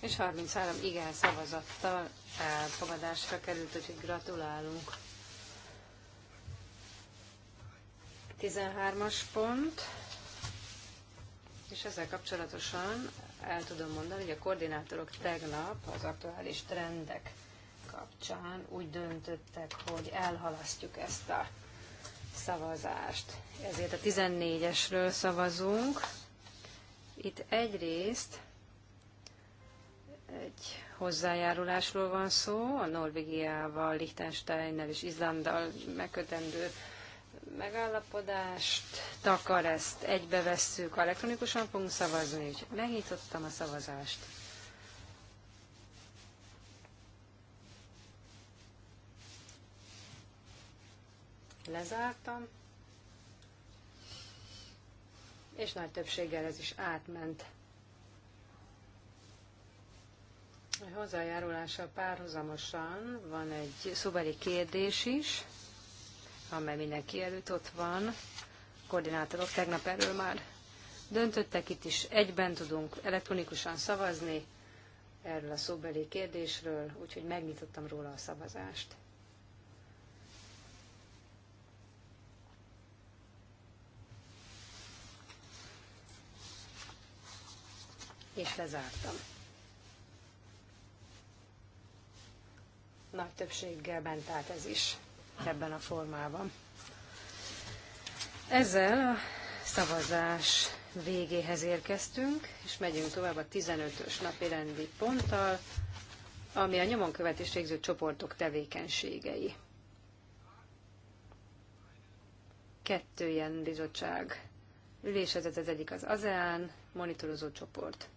és 33 igen szavazattal elfogadásra került, úgyhogy gratulálunk. 13-as pont, és ezzel kapcsolatosan el tudom mondani, hogy a koordinátorok tegnap az aktuális trendek kapcsán úgy döntöttek, hogy elhalasztjuk ezt a szavazást. Ezért a 14-esről szavazunk. Itt egyrészt egy hozzájárulásról van szó, a Norvégiával, Liechtensteinnel és Izlanddal megkötendő megállapodást, takar ezt egybevesszük, elektronikusan fogunk szavazni, úgyhogy megnyitottam a szavazást. Lezártam, és nagy többséggel ez is átment. hozzájárulása párhuzamosan van egy szóbeli kérdés is, amely mindenki előtt ott van. A koordinátorok tegnap erről már döntöttek, itt is egyben tudunk elektronikusan szavazni erről a szóbeli kérdésről, úgyhogy megnyitottam róla a szavazást. És lezártam. nagy többséggel bent állt ez is ebben a formában. Ezzel a szavazás végéhez érkeztünk, és megyünk tovább a 15-ös napi rendi ponttal, ami a nyomonkövetés végző csoportok tevékenységei. Kettő ilyen bizottság ülésezett, az egyik az ASEAN monitorozó csoport,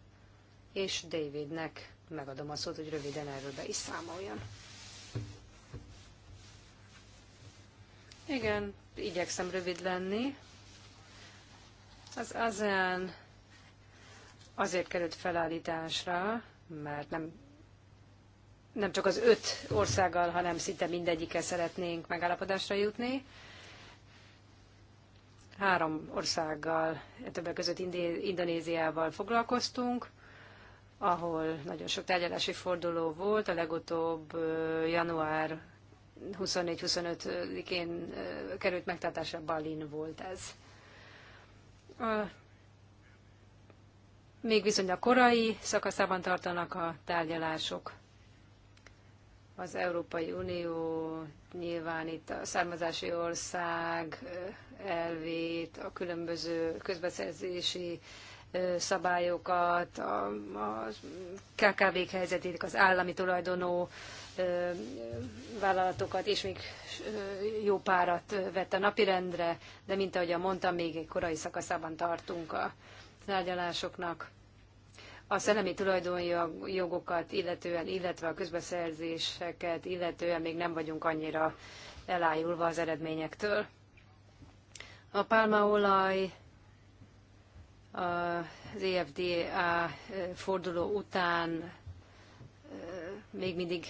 és Davidnek megadom a szót, hogy röviden erről be is számoljon. Igen, igyekszem rövid lenni. Az ASEAN azért került felállításra, mert nem, nem csak az öt országgal, hanem szinte mindegyikkel szeretnénk megállapodásra jutni. Három országgal, többek között Indonéziával foglalkoztunk, ahol nagyon sok tárgyalási forduló volt, a legutóbb január 24-25-én került megtartásra Balin volt ez. még viszonylag korai szakaszában tartanak a tárgyalások. Az Európai Unió nyilván itt a származási ország elvét, a különböző közbeszerzési szabályokat, a, a KKV-k helyzetét, az állami tulajdonú vállalatokat, és még jó párat vett a napirendre, de mint ahogy mondtam, még egy korai szakaszában tartunk a tárgyalásoknak. A szellemi tulajdonjogokat illetően, illetve a közbeszerzéseket illetően még nem vagyunk annyira elájulva az eredményektől. A pálmaolaj az EFDA forduló után még mindig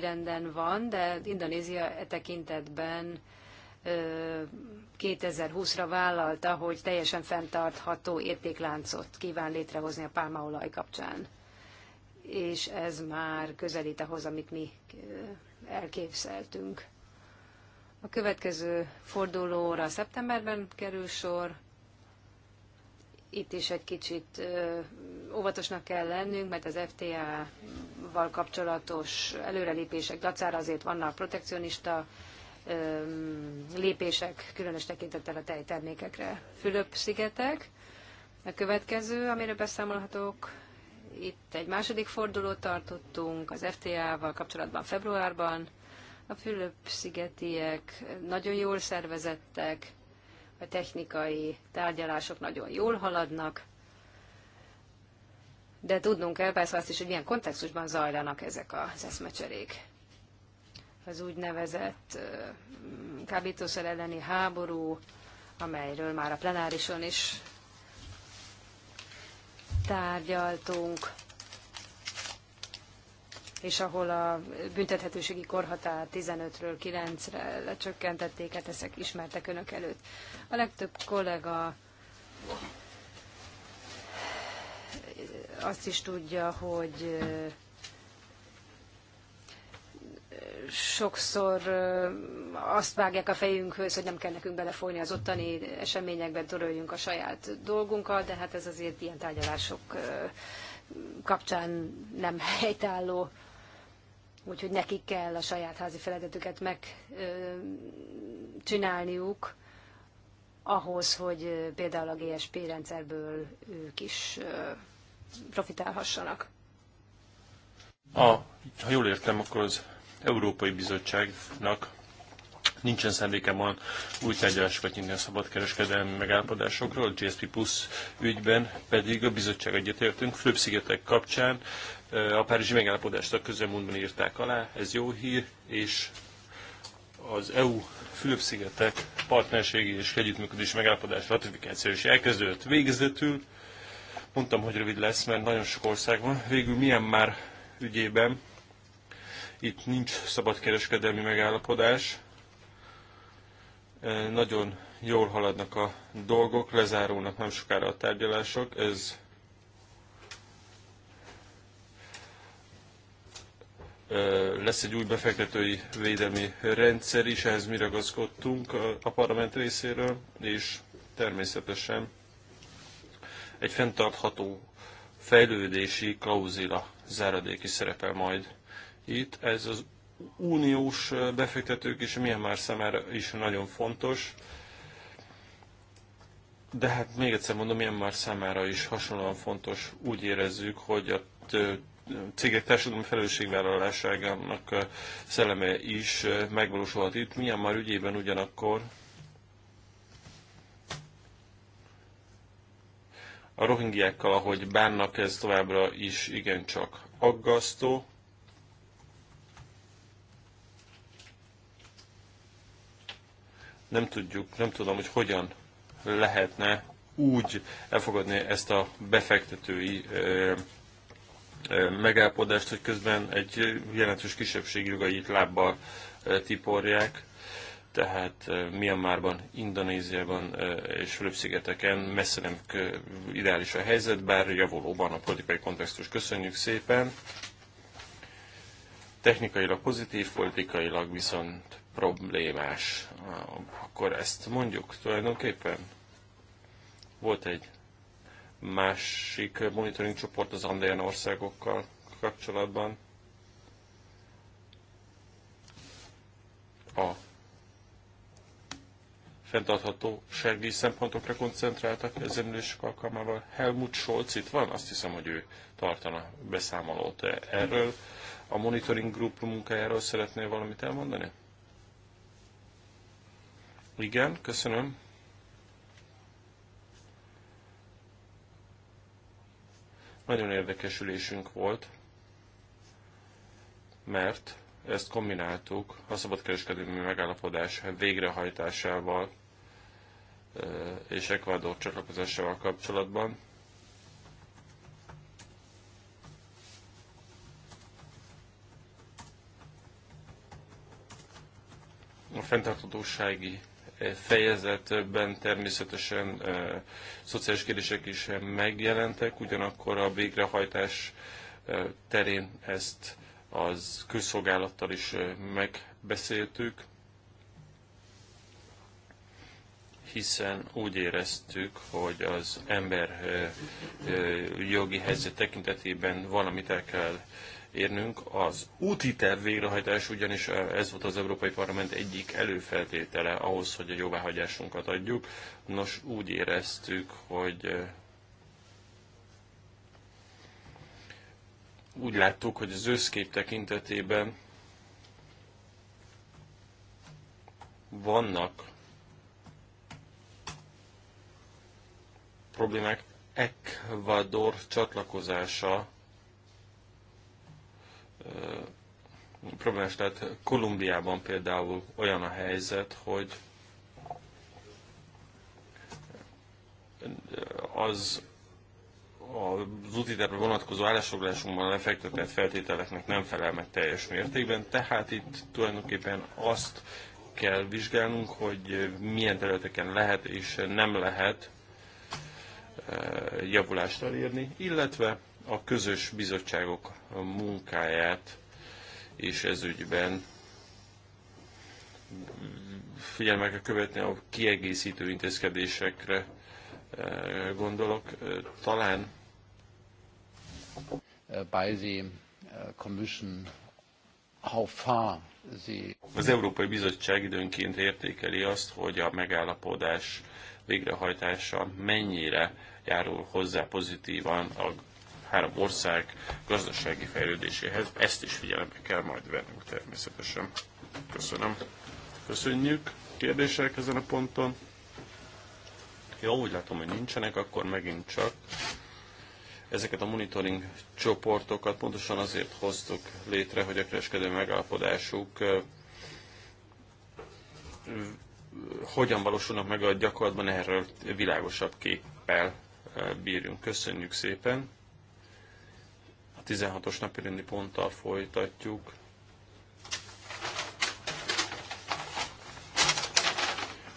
renden van, de Indonézia e tekintetben 2020-ra vállalta, hogy teljesen fenntartható értékláncot kíván létrehozni a pálmaolaj kapcsán. És ez már közelít ahhoz, amit mi elképzeltünk. A következő fordulóra szeptemberben kerül sor. Itt is egy kicsit óvatosnak kell lennünk, mert az FTA val kapcsolatos előrelépések dacára azért vannak protekcionista lépések, különös tekintettel a tejtermékekre. Fülöp-szigetek, a következő, amiről beszámolhatok, itt egy második fordulót tartottunk az FTA-val kapcsolatban februárban. A Fülöp-szigetiek nagyon jól szervezettek, a technikai tárgyalások nagyon jól haladnak, de tudnunk kell persze azt is, hogy milyen kontextusban zajlanak ezek az eszmecserék. Az úgynevezett kábítószer elleni háború, amelyről már a plenárison is tárgyaltunk, és ahol a büntethetőségi korhatár 15-ről 9-re lecsökkentették, hát ezek ismertek önök előtt. A legtöbb kollega azt is tudja, hogy sokszor azt vágják a fejünkhöz, hogy nem kell nekünk belefolyni az ottani eseményekben, töröljünk a saját dolgunkkal, de hát ez azért ilyen tárgyalások kapcsán nem helytálló. Úgyhogy nekik kell a saját házi feladatukat megcsinálniuk ahhoz, hogy például a GSP rendszerből ők is profitálhassanak. A, ha jól értem, akkor az Európai Bizottságnak nincsen szándékában van új tárgyalás vagy ingyen szabadkereskedelmi megállapodásokról, a GSP Plus ügyben pedig a bizottság egyetértünk, Fülöp-szigetek kapcsán eh, a Párizsi megállapodást a közelmúltban írták alá, ez jó hír, és az EU Fülöp-szigetek partnerségi és együttműködés megállapodás ratifikációs elkezdődött végezetül. Mondtam, hogy rövid lesz, mert nagyon sok ország van. Végül milyen már ügyében itt nincs szabadkereskedelmi megállapodás. Eh, nagyon jól haladnak a dolgok, lezárulnak nem sokára a tárgyalások. Ez eh, lesz egy új befektetői védelmi rendszer is, ehhez mi ragaszkodtunk a parlament részéről, és természetesen egy fenntartható fejlődési klauzila záradéki szerepel majd itt. Ez az uniós befektetők is, milyen már számára is nagyon fontos. De hát még egyszer mondom, milyen már számára is hasonlóan fontos. Úgy érezzük, hogy a cégek társadalmi felelősségvállalásának szelleme is megvalósulhat itt. már ügyében ugyanakkor A rohingyákkal, ahogy bánnak, ez továbbra is igencsak aggasztó. Nem tudjuk, nem tudom, hogy hogyan lehetne úgy elfogadni ezt a befektetői ö, ö, megállapodást, hogy közben egy jelentős kisebbség jogait lábbal tiporják tehát Myanmarban, Indonéziában és Fülöp-szigeteken messze nem ideális a helyzet, bár javulóban a politikai kontextus. Köszönjük szépen! Technikailag pozitív, politikailag viszont problémás. Akkor ezt mondjuk tulajdonképpen? Volt egy másik monitoring csoport az Andean országokkal kapcsolatban. A fenntarthatósági szempontokra koncentráltak az emlősök alkalmával. Helmut Scholz itt van, azt hiszem, hogy ő tartana beszámolót erről. A monitoring group munkájáról szeretnél valamit elmondani? Igen, köszönöm. Nagyon érdekes ülésünk volt, mert ezt kombináltuk a szabadkereskedelmi megállapodás végrehajtásával és Ecuador csatlakozásával kapcsolatban. A fenntarthatósági fejezetben természetesen e, szociális kérdések is megjelentek, ugyanakkor a végrehajtás e, terén ezt az közszolgálattal is megbeszéltük, hiszen úgy éreztük, hogy az ember jogi helyzet tekintetében valamit el kell érnünk. Az úti terv végrehajtás ugyanis ez volt az Európai Parlament egyik előfeltétele ahhoz, hogy a jóváhagyásunkat adjuk. Nos, úgy éreztük, hogy úgy láttuk, hogy az összkép tekintetében vannak problémák. Ecuador csatlakozása problémás tehát Kolumbiában például olyan a helyzet, hogy az az úti tervre vonatkozó állásfoglalásunkban lefektetett feltételeknek nem felel meg teljes mértékben, tehát itt tulajdonképpen azt kell vizsgálnunk, hogy milyen területeken lehet és nem lehet e, javulást elérni, illetve a közös bizottságok munkáját és ügyben figyelme kell követni a kiegészítő intézkedésekre e, gondolok. E, talán Äh, äh, Az Európai Bizottság időnként értékeli azt, hogy a megállapodás végrehajtása mennyire járul hozzá pozitívan a három ország gazdasági fejlődéséhez. Ezt is figyelembe kell majd vennünk természetesen. Köszönöm. Köszönjük. Kérdések ezen a ponton? Jó, úgy látom, hogy nincsenek, akkor megint csak Ezeket a monitoring csoportokat pontosan azért hoztuk létre, hogy a kereskedő megállapodásuk hogyan valósulnak meg a gyakorlatban, erről világosabb képpel bírjunk. Köszönjük szépen! A 16-os napi rendi ponttal folytatjuk.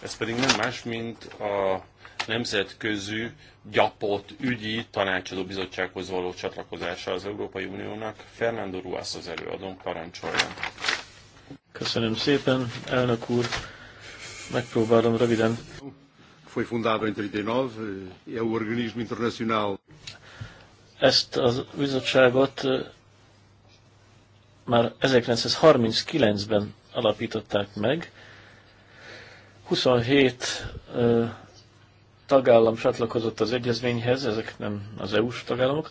Ez pedig nem más, mint a nemzetközi gyapott ügyi tanácsadó bizottsághoz való csatlakozása az Európai Uniónak. Fernando Ruász az előadón parancsoljon. Köszönöm szépen, elnök úr. Megpróbálom röviden. Foi fundado em 39, e eh, é o organismo internacional. Ezt az bizottságot eh, már 1939-ben alapították meg. 27 tagállam csatlakozott az egyezményhez, ezek nem az EU-s tagállamok,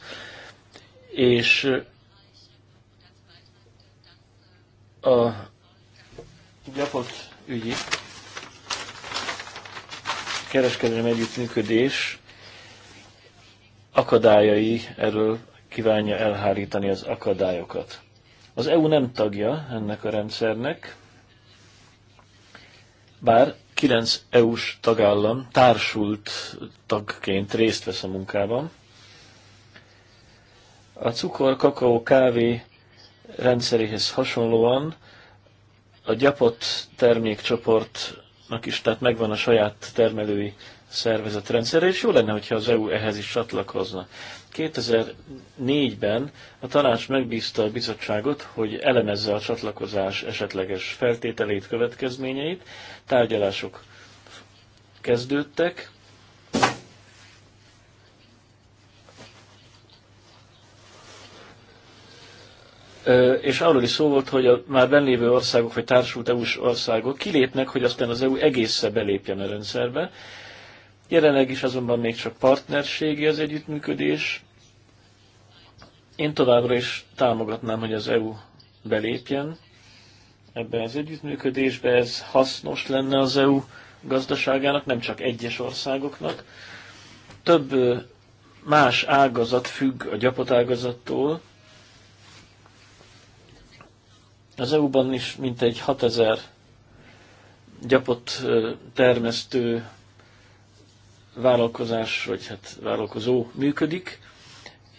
és a gyakott ügyi kereskedelmi együttműködés akadályai erről kívánja elhárítani az akadályokat. Az EU nem tagja ennek a rendszernek, bár kilenc EU-s tagállam társult tagként részt vesz a munkában. A cukor, kakaó, kávé rendszeréhez hasonlóan a gyapott termékcsoport Nak is, tehát megvan a saját termelői szervezetrendszer, és jó lenne, hogyha az EU ehhez is csatlakozna. 2004-ben a tanács megbízta a bizottságot, hogy elemezze a csatlakozás esetleges feltételét, következményeit, tárgyalások kezdődtek, és arról is szó volt, hogy a már benlévő országok, vagy társult EU-s országok kilépnek, hogy aztán az EU egészen belépjen a rendszerbe. Jelenleg is azonban még csak partnerségi az együttműködés. Én továbbra is támogatnám, hogy az EU belépjen ebbe az együttműködésbe. Ez hasznos lenne az EU gazdaságának, nem csak egyes országoknak. Több más ágazat függ a gyapotágazattól, az EU-ban is mintegy 6000 gyapot termesztő vállalkozás, vagy hát vállalkozó működik,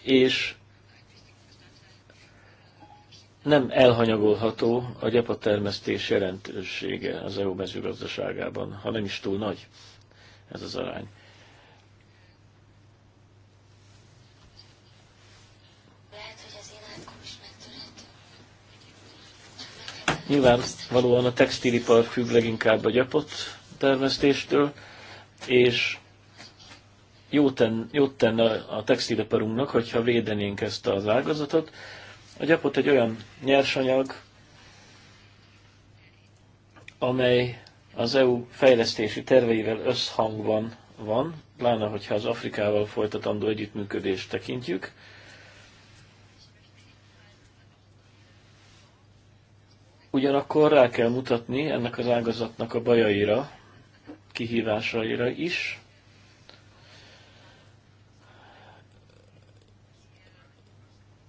és nem elhanyagolható a gyapatermesztés jelentősége az EU mezőgazdaságában, ha nem is túl nagy ez az arány. Nyilvánvalóan a textilipar függ leginkább a gyapott termesztéstől, és jót ten, jót tenne a textiliparunknak, hogyha védenénk ezt az ágazatot. A gyapot egy olyan nyersanyag, amely az EU fejlesztési terveivel összhangban van, pláne hogyha az Afrikával folytatandó együttműködést tekintjük. Ugyanakkor rá kell mutatni ennek az ágazatnak a bajaira, kihívásaira is.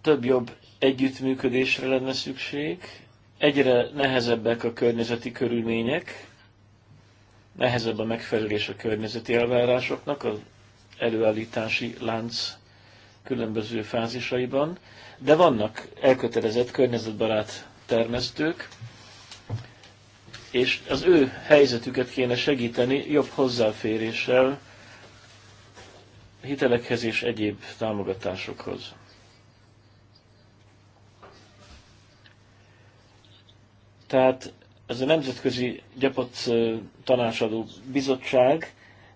Több jobb együttműködésre lenne szükség. Egyre nehezebbek a környezeti körülmények, nehezebb a megfelelés a környezeti elvárásoknak az előállítási lánc különböző fázisaiban, de vannak elkötelezett környezetbarát termesztők, és az ő helyzetüket kéne segíteni jobb hozzáféréssel hitelekhez és egyéb támogatásokhoz. Tehát ez a Nemzetközi Gyapott Tanácsadó Bizottság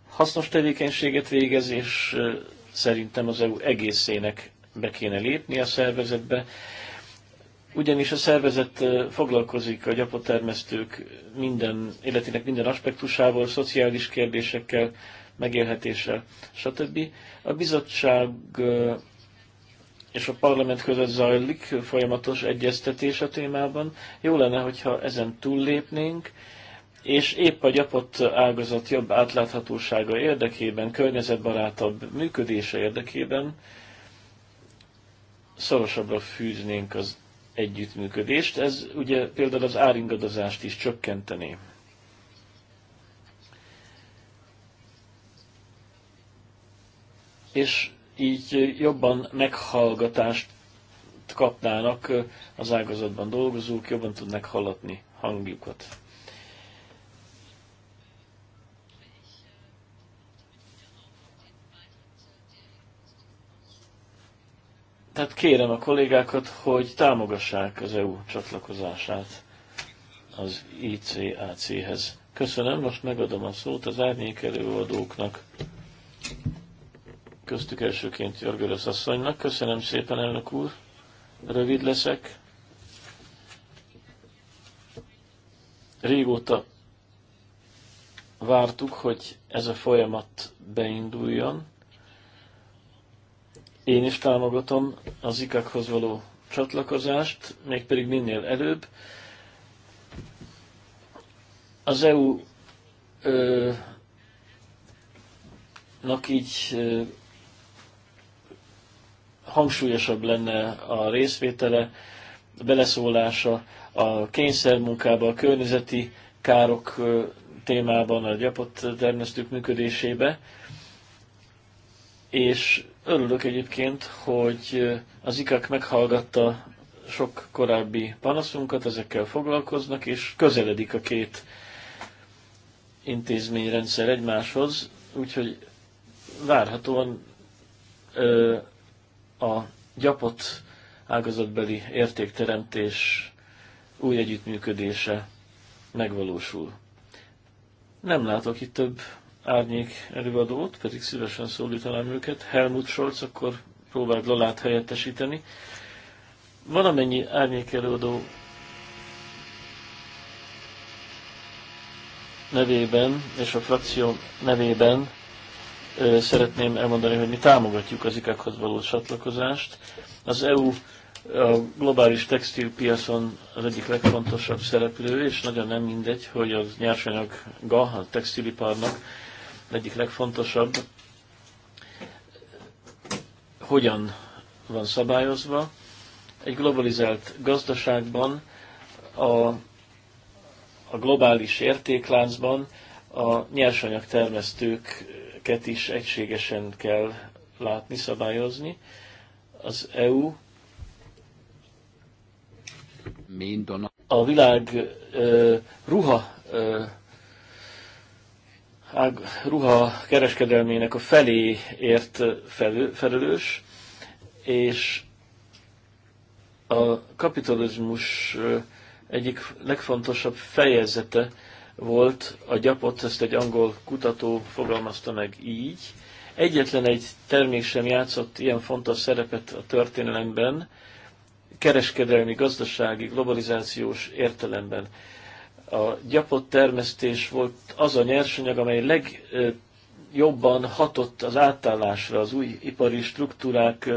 hasznos tevékenységet végez, és szerintem az EU egészének be kéne lépni a szervezetbe, ugyanis a szervezet foglalkozik a gyapotermesztők minden, életének minden aspektusával, szociális kérdésekkel, megélhetéssel, stb. A bizottság és a parlament között zajlik folyamatos egyeztetés a témában. Jó lenne, hogyha ezen túllépnénk, és épp a gyapott ágazat jobb átláthatósága érdekében, környezetbarátabb működése érdekében szorosabbra fűznénk az együttműködést. Ez ugye például az áringadozást is csökkenteni. És így jobban meghallgatást kapnának az ágazatban dolgozók, jobban tudnak hallatni hangjukat. Tehát kérem a kollégákat, hogy támogassák az EU csatlakozását az ICAC-hez. Köszönöm, most megadom a szót az árnyék előadóknak, köztük elsőként Jörgörös asszonynak. Köszönöm szépen, elnök úr, rövid leszek. Régóta vártuk, hogy ez a folyamat beinduljon én is támogatom az ikakhoz való csatlakozást, mégpedig minél előbb. Az EU nak így hangsúlyosabb lenne a részvétele, a beleszólása a kényszermunkába, a környezeti károk témában, a gyapott termesztők működésébe, és Örülök egyébként, hogy eh, az IKAK meghallgatta sok korábbi panaszunkat, ezekkel foglalkoznak, és közeledik a két intézményrendszer egymáshoz, úgyhogy várhatóan ö, eh, a gyapott ágazatbeli értékteremtés új együttműködése megvalósul. Nem látok itt több árnyék előadót, pedig szívesen szólítanám őket. Helmut Scholz, akkor próbáld Lalát helyettesíteni. amennyi árnyék előadó nevében és a frakció nevében ö, szeretném elmondani, hogy mi támogatjuk az ikákhoz való csatlakozást. Az EU a globális textilpiacon az egyik legfontosabb szereplő, és nagyon nem mindegy, hogy az nyersanyag a textiliparnak egyik legfontosabb, hogyan van szabályozva. Egy globalizált gazdaságban, a, a globális értékláncban a nyersanyagtermesztőket is egységesen kell látni, szabályozni. Az EU a világ ruha ág, ruha kereskedelmének a feléért felelős, és a kapitalizmus egyik legfontosabb fejezete volt a gyapot, ezt egy angol kutató fogalmazta meg így. Egyetlen egy termék sem játszott ilyen fontos szerepet a történelemben, kereskedelmi, gazdasági, globalizációs értelemben. A gyapott termesztés volt az a nyersanyag, amely legjobban hatott az átállásra, az új ipari struktúrák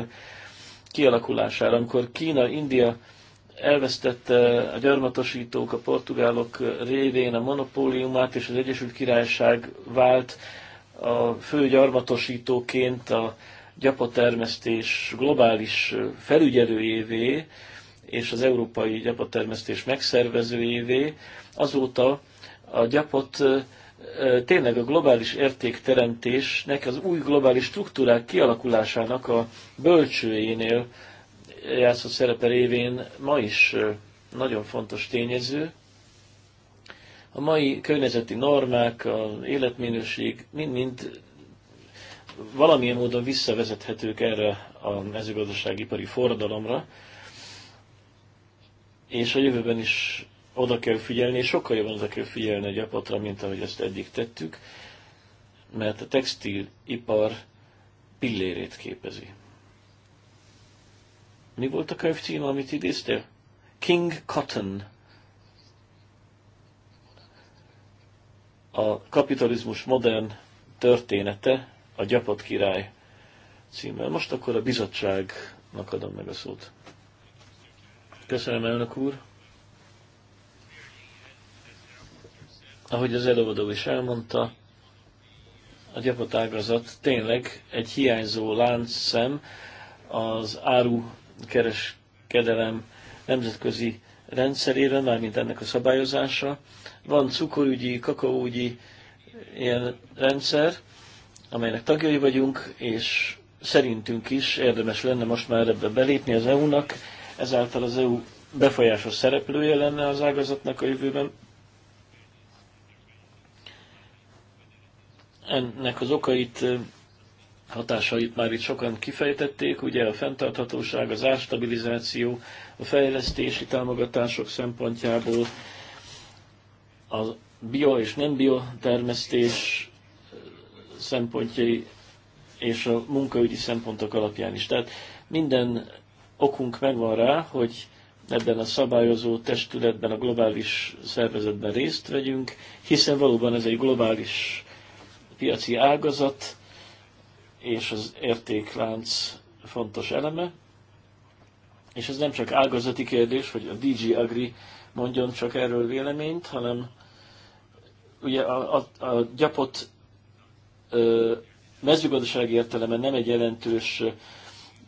kialakulására. Amikor Kína, India elvesztette a gyarmatosítók, a portugálok révén a monopóliumát, és az Egyesült Királyság vált a fő gyarmatosítóként a gyapotermesztés globális felügyelőjévé, és az európai gyapotermesztés megszervezőjévé, azóta a gyapot tényleg a globális értékteremtésnek, az új globális struktúrák kialakulásának a bölcsőjénél játszott szerepe révén ma is nagyon fontos tényező. A mai környezeti normák, az életminőség mind-mind valamilyen módon visszavezethetők erre a ipari forradalomra, és a jövőben is oda kell figyelni, és sokkal jobban oda kell figyelni a gyapotra, mint ahogy ezt eddig tettük, mert a textilipar pillérét képezi. Mi volt a könyv cím? amit idéztél? King Cotton. A kapitalizmus modern története, a gyapot király címmel. Most akkor a bizottságnak adom meg a szót. Köszönöm, elnök úr! Ahogy az előadó is elmondta, a gyapotágazat tényleg egy hiányzó láncszem az árukereskedelem nemzetközi rendszerére, mármint ennek a szabályozása. Van cukorügyi, kakaógyi ilyen rendszer, amelynek tagjai vagyunk, és szerintünk is érdemes lenne most már ebbe belépni az EU-nak, ezáltal az EU befolyásos szereplője lenne az ágazatnak a jövőben, Ennek az okait, hatásait már itt sokan kifejtették, ugye a fenntarthatóság, az árstabilizáció, a fejlesztési támogatások szempontjából, a bio és nem bio termesztés szempontjai és a munkaügyi szempontok alapján is. Tehát minden okunk megvan rá, hogy ebben a szabályozó testületben, a globális szervezetben részt vegyünk, hiszen valóban ez egy globális piaci ágazat és az értéklánc fontos eleme. És ez nem csak ágazati kérdés, hogy a DG Agri mondjon csak erről véleményt, hanem ugye a, a, a gyapot ö, mezőgazdasági értelme nem egy jelentős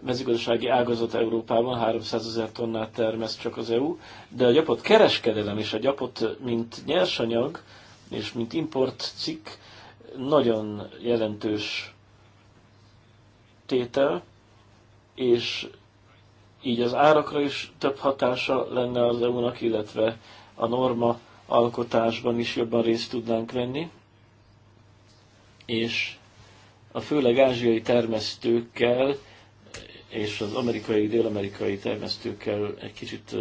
mezőgazdasági ágazat Európában, 300 ezer tonnát termesz csak az EU, de a gyapot kereskedelem és a gyapot, mint nyersanyag és mint importcikk nagyon jelentős tétel, és így az árakra is több hatása lenne az EU-nak, illetve a norma alkotásban is jobban részt tudnánk venni, és a főleg ázsiai termesztőkkel és az amerikai, dél-amerikai termesztőkkel egy kicsit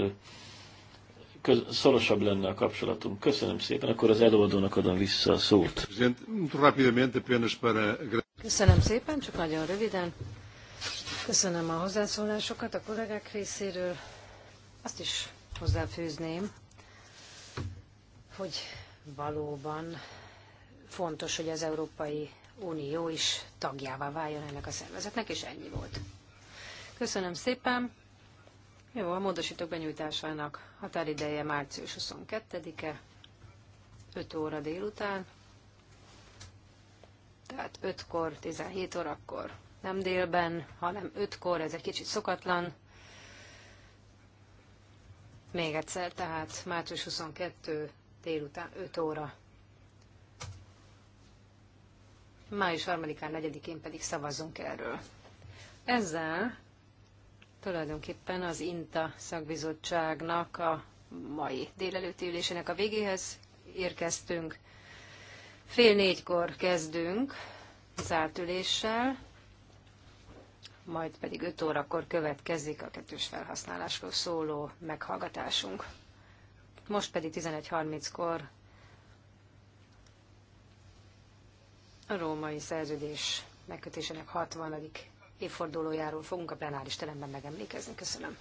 köz, szorosabb lenne a kapcsolatunk. Köszönöm szépen, akkor az előadónak adom vissza a szót. Köszönöm szépen, csak nagyon röviden. Köszönöm a hozzászólásokat a kollégák részéről. Azt is hozzáfűzném, hogy valóban fontos, hogy az Európai Unió is tagjává váljon ennek a szervezetnek, és ennyi volt. Köszönöm szépen. Jó, a módosítók benyújtásának határideje március 22-e, 5 óra délután, tehát 5-kor, 17 órakor, nem délben, hanem 5-kor, ez egy kicsit szokatlan. Még egyszer, tehát március 22 délután 5 óra. Május 3-án, 4-én pedig szavazzunk erről. Ezzel tulajdonképpen az INTA szakbizottságnak a mai délelőtti ülésének a végéhez érkeztünk. Fél négykor kezdünk zárt üléssel, majd pedig öt órakor következik a kettős felhasználásról szóló meghallgatásunk. Most pedig 11.30-kor a római szerződés megkötésének 60 évfordulójáról fogunk a plenáris teremben megemlékezni. Köszönöm.